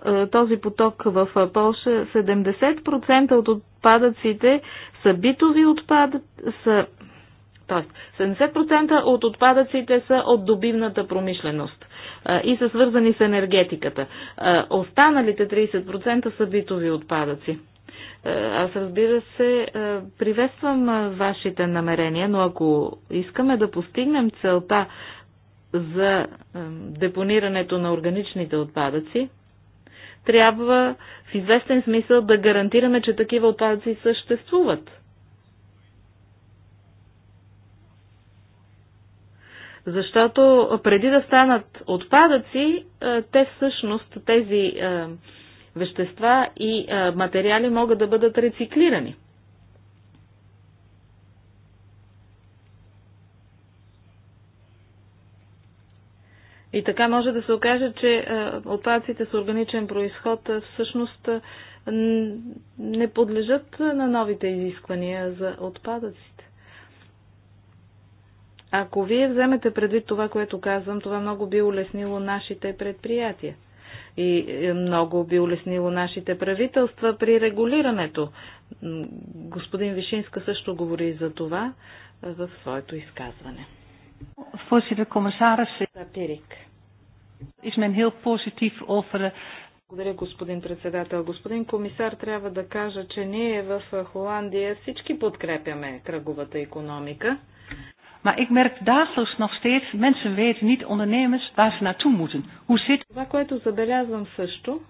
е, този поток в е, Польша, 70% от отпадъците са битови отпадъци, са 70% от отпадъците са от добивната промишленост е, и са свързани с енергетиката. останалите 30% са битови отпадъци. Аз разбира се, приветствам вашите намерения, но ако искаме да постигнем целта за депонирането на органичните отпадъци, трябва в известен смисъл да гарантираме, че такива отпадъци съществуват. Защото преди да станат отпадъци, е, те всъщност, тези вещества и е, материали могат да бъдат рециклирани. И така може да се окаже, че е, отпадците с органичен происход е, всъщност е, не подлежат на новите изисквания за отпадъците. Ако вие вземете предвид това, което казвам, това много би улеснило нашите предприятия и много би улеснило нашите правителства при регулирането. Господин Вишинска също говори за това в своето изказване. Voorzitter, commissaris. Пирик. Ik ben heel positief over eh, благодаря, господин председател. Господин комисар, трябва да кажа, че ние в Холандия всички подкрепяме кръговата економика. Maar ik merk dagelijks nog steeds, mensen weten niet, ondernemers, waar ze naartoe moeten. Hoe zit... Това, което забелязвам също,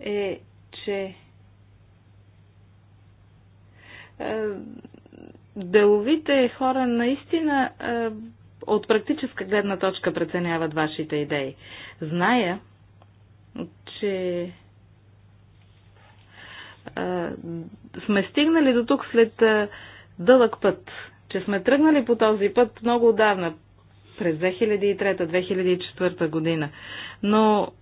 е, че е, деловите хора наистина е, от практическа гледна точка преценяват вашите идеи. Зная, че е, сме стигнали до тук след е, дълъг път, че сме тръгнали по този път много отдавна, през 2003-2004 година. Но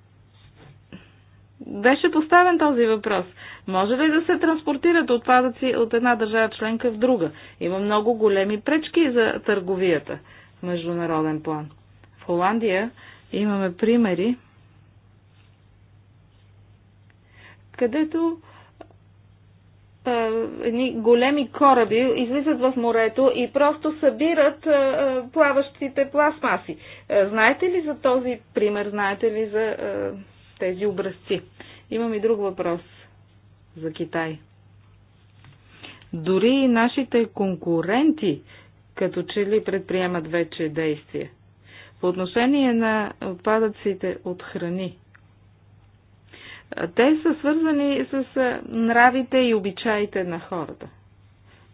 беше поставен този въпрос. Може ли да се транспортират отпадъци от една държава членка в друга? Има много големи пречки за търговията в международен план. В Холандия имаме примери, където едни големи кораби излизат в морето и просто събират плаващите пластмаси. Знаете ли за този пример? Знаете ли за тези образци. Имам и друг въпрос за Китай. Дори и нашите конкуренти като че ли предприемат вече действия. По отношение на отпадъците от храни, те са свързани с нравите и обичаите на хората.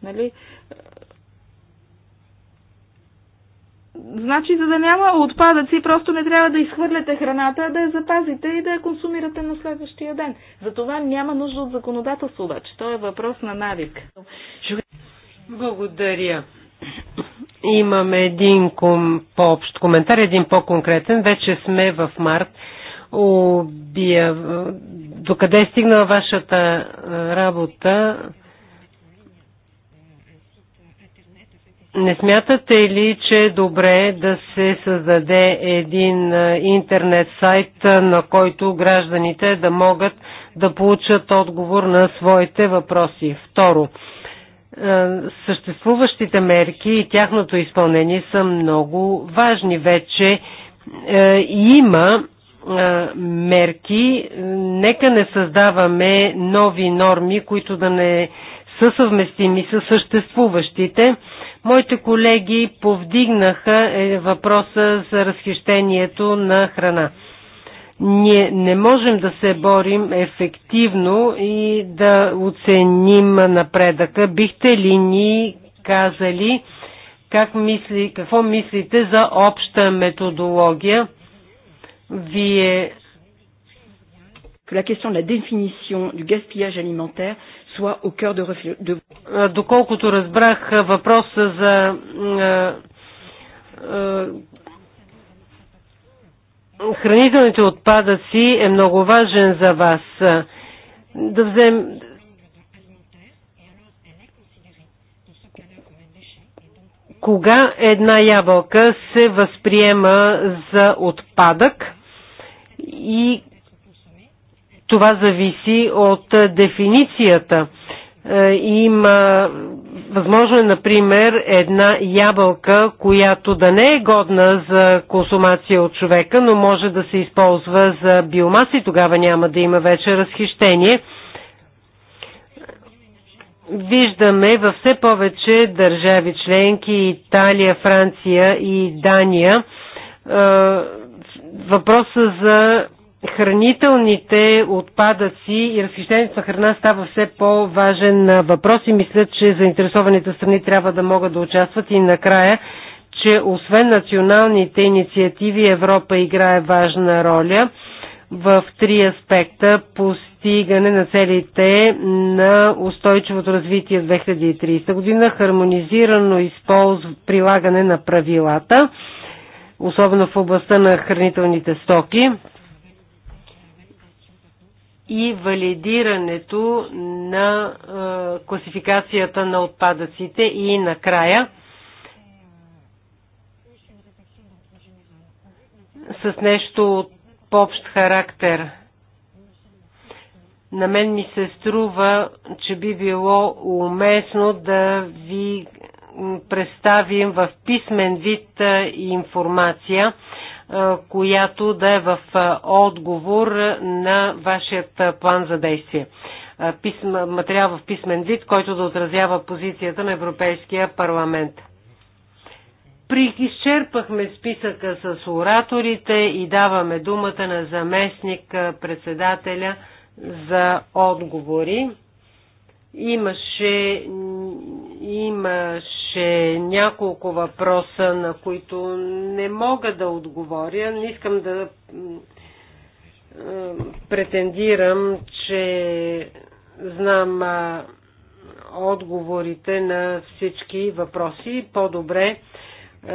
Нали? Значи, за да няма отпадъци, просто не трябва да изхвърляте храната, а да я запазите и да я консумирате на следващия ден. За това няма нужда от законодателство, обаче. То е въпрос на навик. Благодаря. Имам един ком, по-общ коментар, един по-конкретен. Вече сме в март. Обия... Докъде е стигнала вашата работа? Не смятате ли, че е добре да се създаде един интернет сайт, на който гражданите да могат да получат отговор на своите въпроси? Второ, съществуващите мерки и тяхното изпълнение са много важни. Вече има мерки. Нека не създаваме нови норми, които да не са съвместими с съществуващите Моите колеги повдигнаха е, въпроса за разхищението на храна. Ние не можем да се борим ефективно и да оценим напредъка. Бихте ли ни казали как мисли, какво мислите за обща методология? Вие la question de la définition du gaspillage alimentaire soit au cœur de, de... Доколкото разбрах въпроса за хранителните отпадъци е много важен за вас. Да взем... Кога една ябълка се възприема за отпадък и това зависи от дефиницията. Е, има възможно, е, например, една ябълка, която да не е годна за консумация от човека, но може да се използва за биомаса и тогава няма да има вече разхищение виждаме във все повече държави членки Италия, Франция и Дания е, въпроса за хранителните отпадъци и разхищението на храна става все по-важен въпрос и мисля, че заинтересованите страни трябва да могат да участват и накрая, че освен националните инициативи Европа играе важна роля в три аспекта постигане на целите на устойчивото развитие 2030 година, хармонизирано използв... прилагане на правилата, особено в областта на хранителните стоки, и валидирането на класификацията на отпадъците и накрая с нещо от общ характер. На мен ми се струва, че би било уместно да ви представим в писмен вид информация – която да е в отговор на вашият план за действие. Материал в писмен вид, който да отразява позицията на Европейския парламент. Изчерпахме списъка с ораторите и даваме думата на заместник председателя за отговори. Имаше, имаше имаше няколко въпроса, на които не мога да отговоря. Не искам да претендирам, че знам отговорите на всички въпроси. По-добре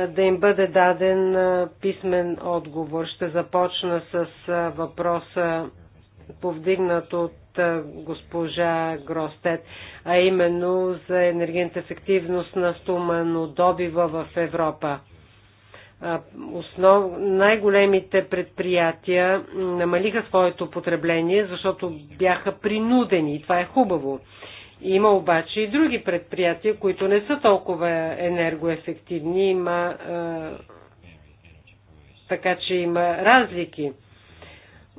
да им бъде даден писмен отговор. Ще започна с въпроса повдигнат от госпожа Гростет, а именно за енергийната ефективност на добива в Европа. Основ... Най-големите предприятия намалиха своето потребление, защото бяха принудени и това е хубаво. Има обаче и други предприятия, които не са толкова енергоефективни. Има така че има разлики.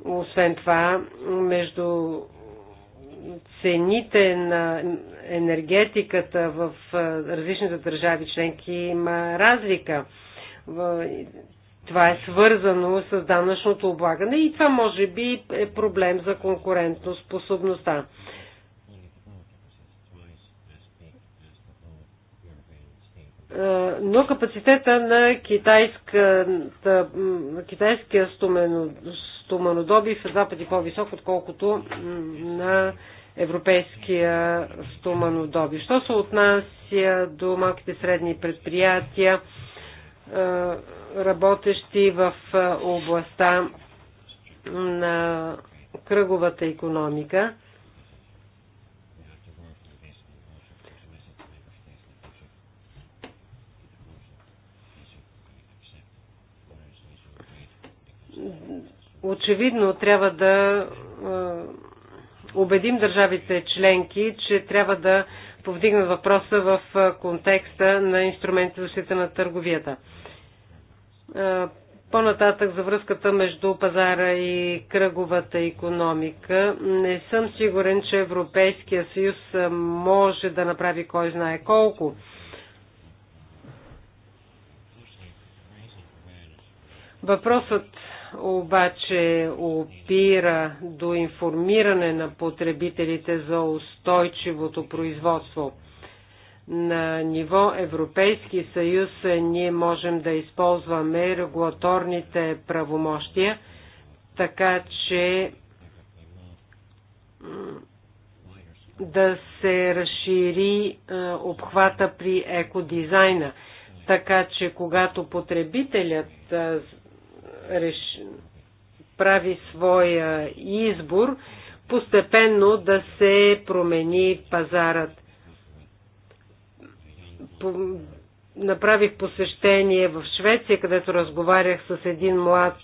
Освен това, между цените на енергетиката в различните държави членки има разлика. Това е свързано с данъчното облагане и това може би е проблем за конкурентно способността. но капацитета на китайския стоманодобив е два пъти по-висок, отколкото на европейския стоманодоби. Що се отнася до малките средни предприятия, е, работещи в е, областта на кръговата економика, очевидно трябва да е, убедим държавите членки, че трябва да повдигнат въпроса в контекста на инструментите за защита на търговията. По-нататък за връзката между пазара и кръговата економика. Не съм сигурен, че Европейския съюз може да направи кой знае колко. Въпросът обаче опира до информиране на потребителите за устойчивото производство. На ниво Европейски съюз ние можем да използваме регулаторните правомощия, така че да се разшири обхвата при екодизайна, така че когато потребителят реш... прави своя избор, постепенно да се промени пазарът. Направих посещение в Швеция, където разговарях с един млад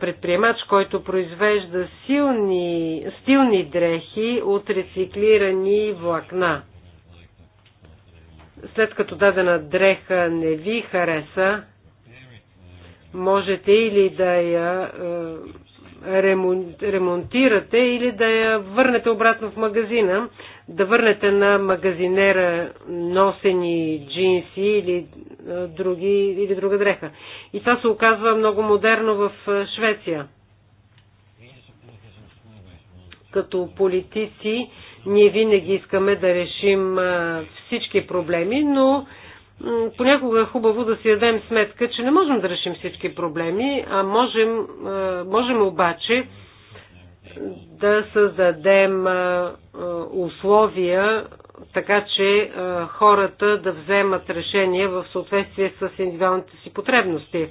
предприемач, който произвежда силни, стилни дрехи от рециклирани влакна. След като дадена дреха не ви хареса, можете или да я е, ремонтирате или да я върнете обратно в магазина, да върнете на магазинера носени джинси или, е, други, или друга дреха. И това се оказва много модерно в е, Швеция. Като политици ние винаги искаме да решим всички проблеми, но понякога е хубаво да си дадем сметка, че не можем да решим всички проблеми, а можем, можем обаче да създадем условия, така че хората да вземат решения в съответствие с индивидуалните си потребности.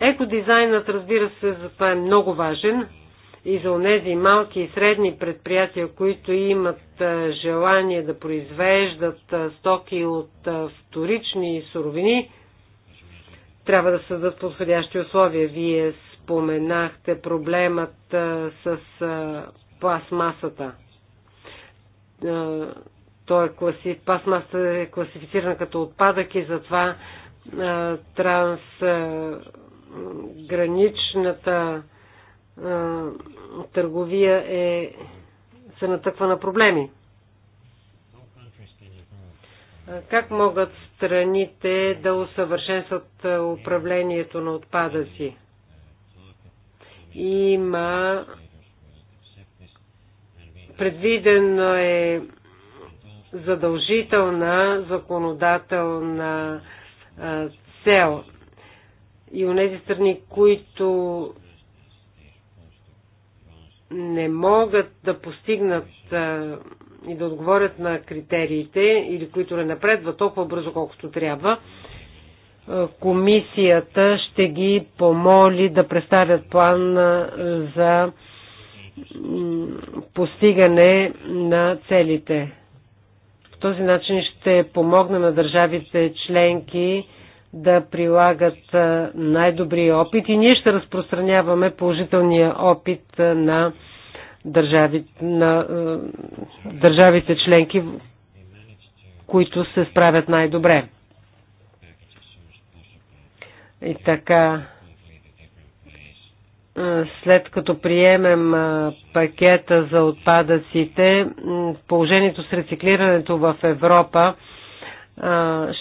Екодизайнът, разбира се, за това е много важен и за онези малки и средни предприятия, които имат желание да произвеждат стоки от вторични суровини, трябва да създадат подходящи условия. Вие споменахте проблемът с пластмасата. Той е класи... Пластмасата е класифицирана като отпадък и затова трансграничната търговия е, се натъква на проблеми. Как могат страните да усъвършенстват управлението на отпадъци? Има предвидено е задължителна законодателна цел. И у нези страни, които не могат да постигнат и да отговорят на критериите или които не напредват толкова бързо, колкото трябва, комисията ще ги помоли да представят план за постигане на целите. В този начин ще помогна на държавите членки да прилагат най-добрия опит и ние ще разпространяваме положителния опит на, държави, на държавите членки, които се справят най-добре. И така, след като приемем пакета за отпадъците, положението с рециклирането в Европа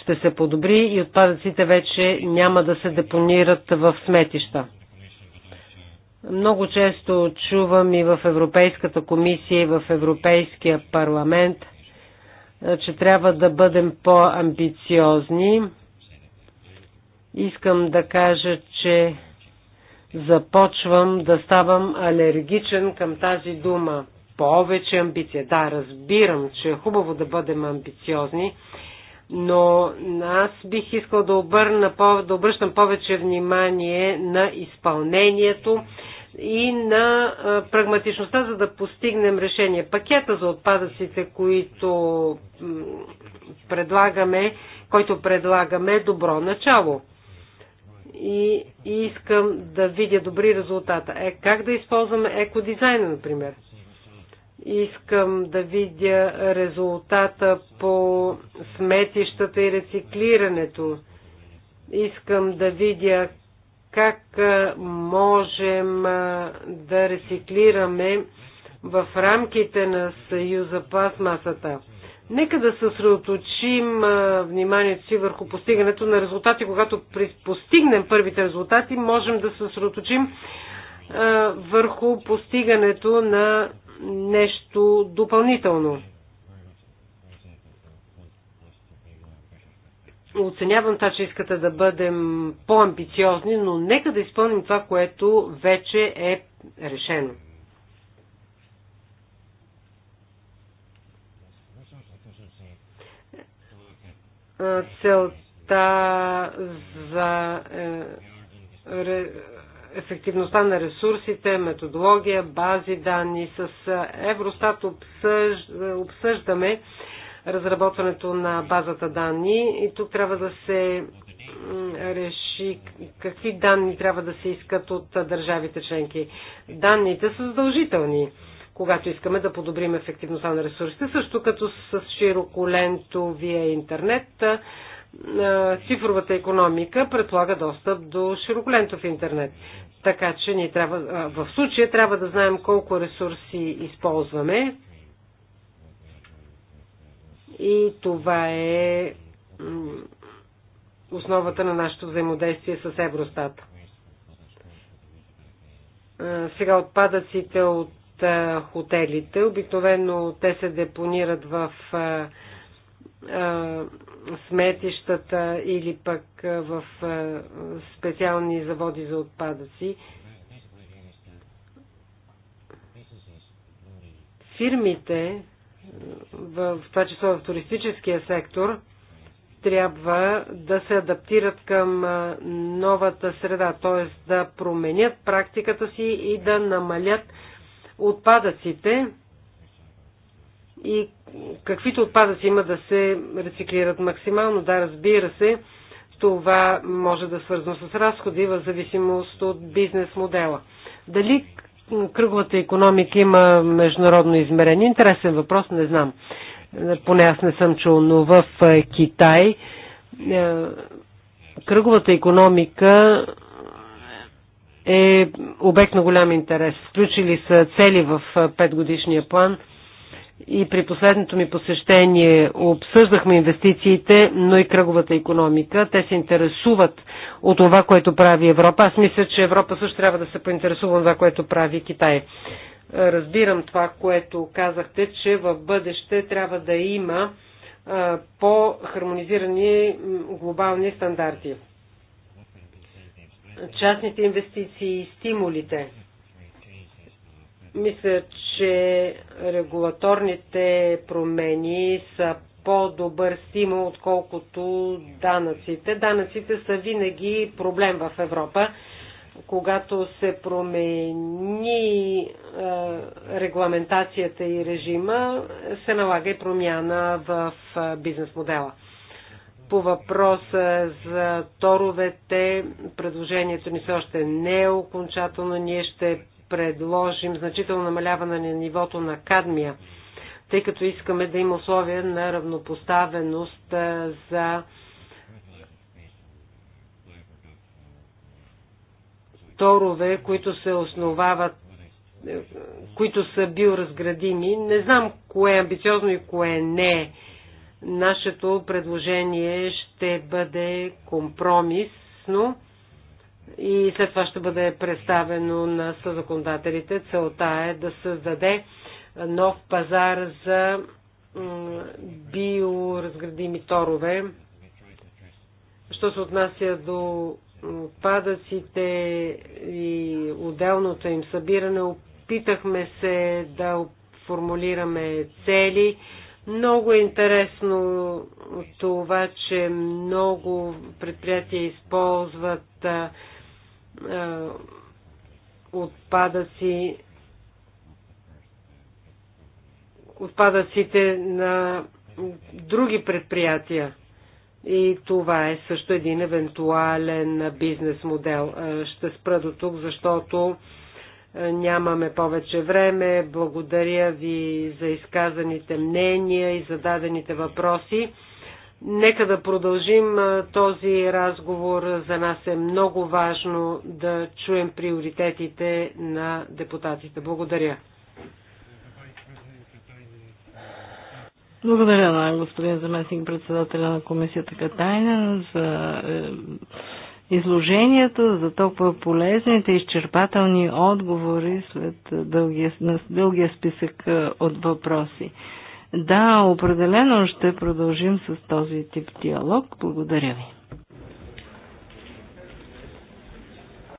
ще се подобри и отпадъците вече няма да се депонират в сметища. Много често чувам и в Европейската комисия, и в Европейския парламент, че трябва да бъдем по-амбициозни. Искам да кажа, че започвам да ставам алергичен към тази дума. Повече амбиция. Да, разбирам, че е хубаво да бъдем амбициозни но аз бих искал да, обърна, да обръщам повече внимание на изпълнението и на прагматичността, за да постигнем решение. Пакета за отпадъците, които предлагаме, който предлагаме е добро начало. И, и искам да видя добри резултата. Е, как да използваме екодизайна, например? Искам да видя резултата по сметищата и рециклирането. Искам да видя как можем да рециклираме в рамките на Съюза пластмасата. Нека да съсредоточим вниманието си върху постигането на резултати. Когато постигнем първите резултати, можем да съсредоточим върху постигането на нещо допълнително. Оценявам това, че искате да бъдем по-амбициозни, но нека да изпълним това, което вече е решено. Целта за е, ефективността на ресурсите, методология, бази данни. С Евростат обсъж... обсъждаме разработването на базата данни и тук трябва да се реши какви данни трябва да се искат от държавите членки. Данните са задължителни, когато искаме да подобрим ефективността на ресурсите, също като с широколентовия интернет цифровата економика предлага достъп до широколентов интернет. Така че ни трябва, в случая трябва да знаем колко ресурси използваме. И това е основата на нашето взаимодействие с Евростат. Сега отпадъците от хотелите, обикновено те се депонират в сметищата или пък в специални заводи за отпадъци. Фирмите, в това число в туристическия сектор, трябва да се адаптират към новата среда, т.е. да променят практиката си и да намалят отпадъците и каквито отпадъци има да се рециклират максимално. Да, разбира се, това може да е свързано с разходи в зависимост от бизнес модела. Дали кръговата економика има международно измерение? Интересен въпрос, не знам. Поне аз не съм чул, но в е, Китай е, кръговата економика е обект на голям интерес. Включили са цели в петгодишния план – и при последното ми посещение обсъждахме инвестициите, но и кръговата економика. Те се интересуват от това, което прави Европа. Аз мисля, че Европа също трябва да се поинтересува от това, което прави Китай. Разбирам това, което казахте, че в бъдеще трябва да има по-хармонизирани глобални стандарти. Частните инвестиции и стимулите – мисля, че регулаторните промени са по-добър стимул, отколкото данъците. Данъците са винаги проблем в Европа. Когато се промени е, регламентацията и режима, се налага и промяна в е, бизнес модела. По въпроса за торовете, предложението ни все още не е окончателно. Ние ще предложим значително намаляване на нивото на кадмия, тъй като искаме да има условия на равнопоставеност за торове, които се основават, които са биоразградими. Не знам кое е амбициозно и кое не Нашето предложение ще бъде компромисно и след това ще бъде представено на съзаконодателите. Целта е да създаде нов пазар за биоразградими торове. Що се отнася до падъците и отделното им събиране, опитахме се да формулираме цели. Много е интересно това, че много предприятия използват е, отпадъци, отпадъците на други предприятия. И това е също един евентуален бизнес модел. Е, ще спра до тук, защото е, нямаме повече време. Благодаря ви за изказаните мнения и зададените въпроси. Нека да продължим този разговор. За нас е много важно да чуем приоритетите на депутатите. Благодаря. Благодаря на господин заместник председателя на комисията Катайна за е, изложението, за толкова полезните изчерпателни отговори след дългия, дългия списък е, от въпроси. Да, определено ще продължим с този тип диалог. Благодаря ви.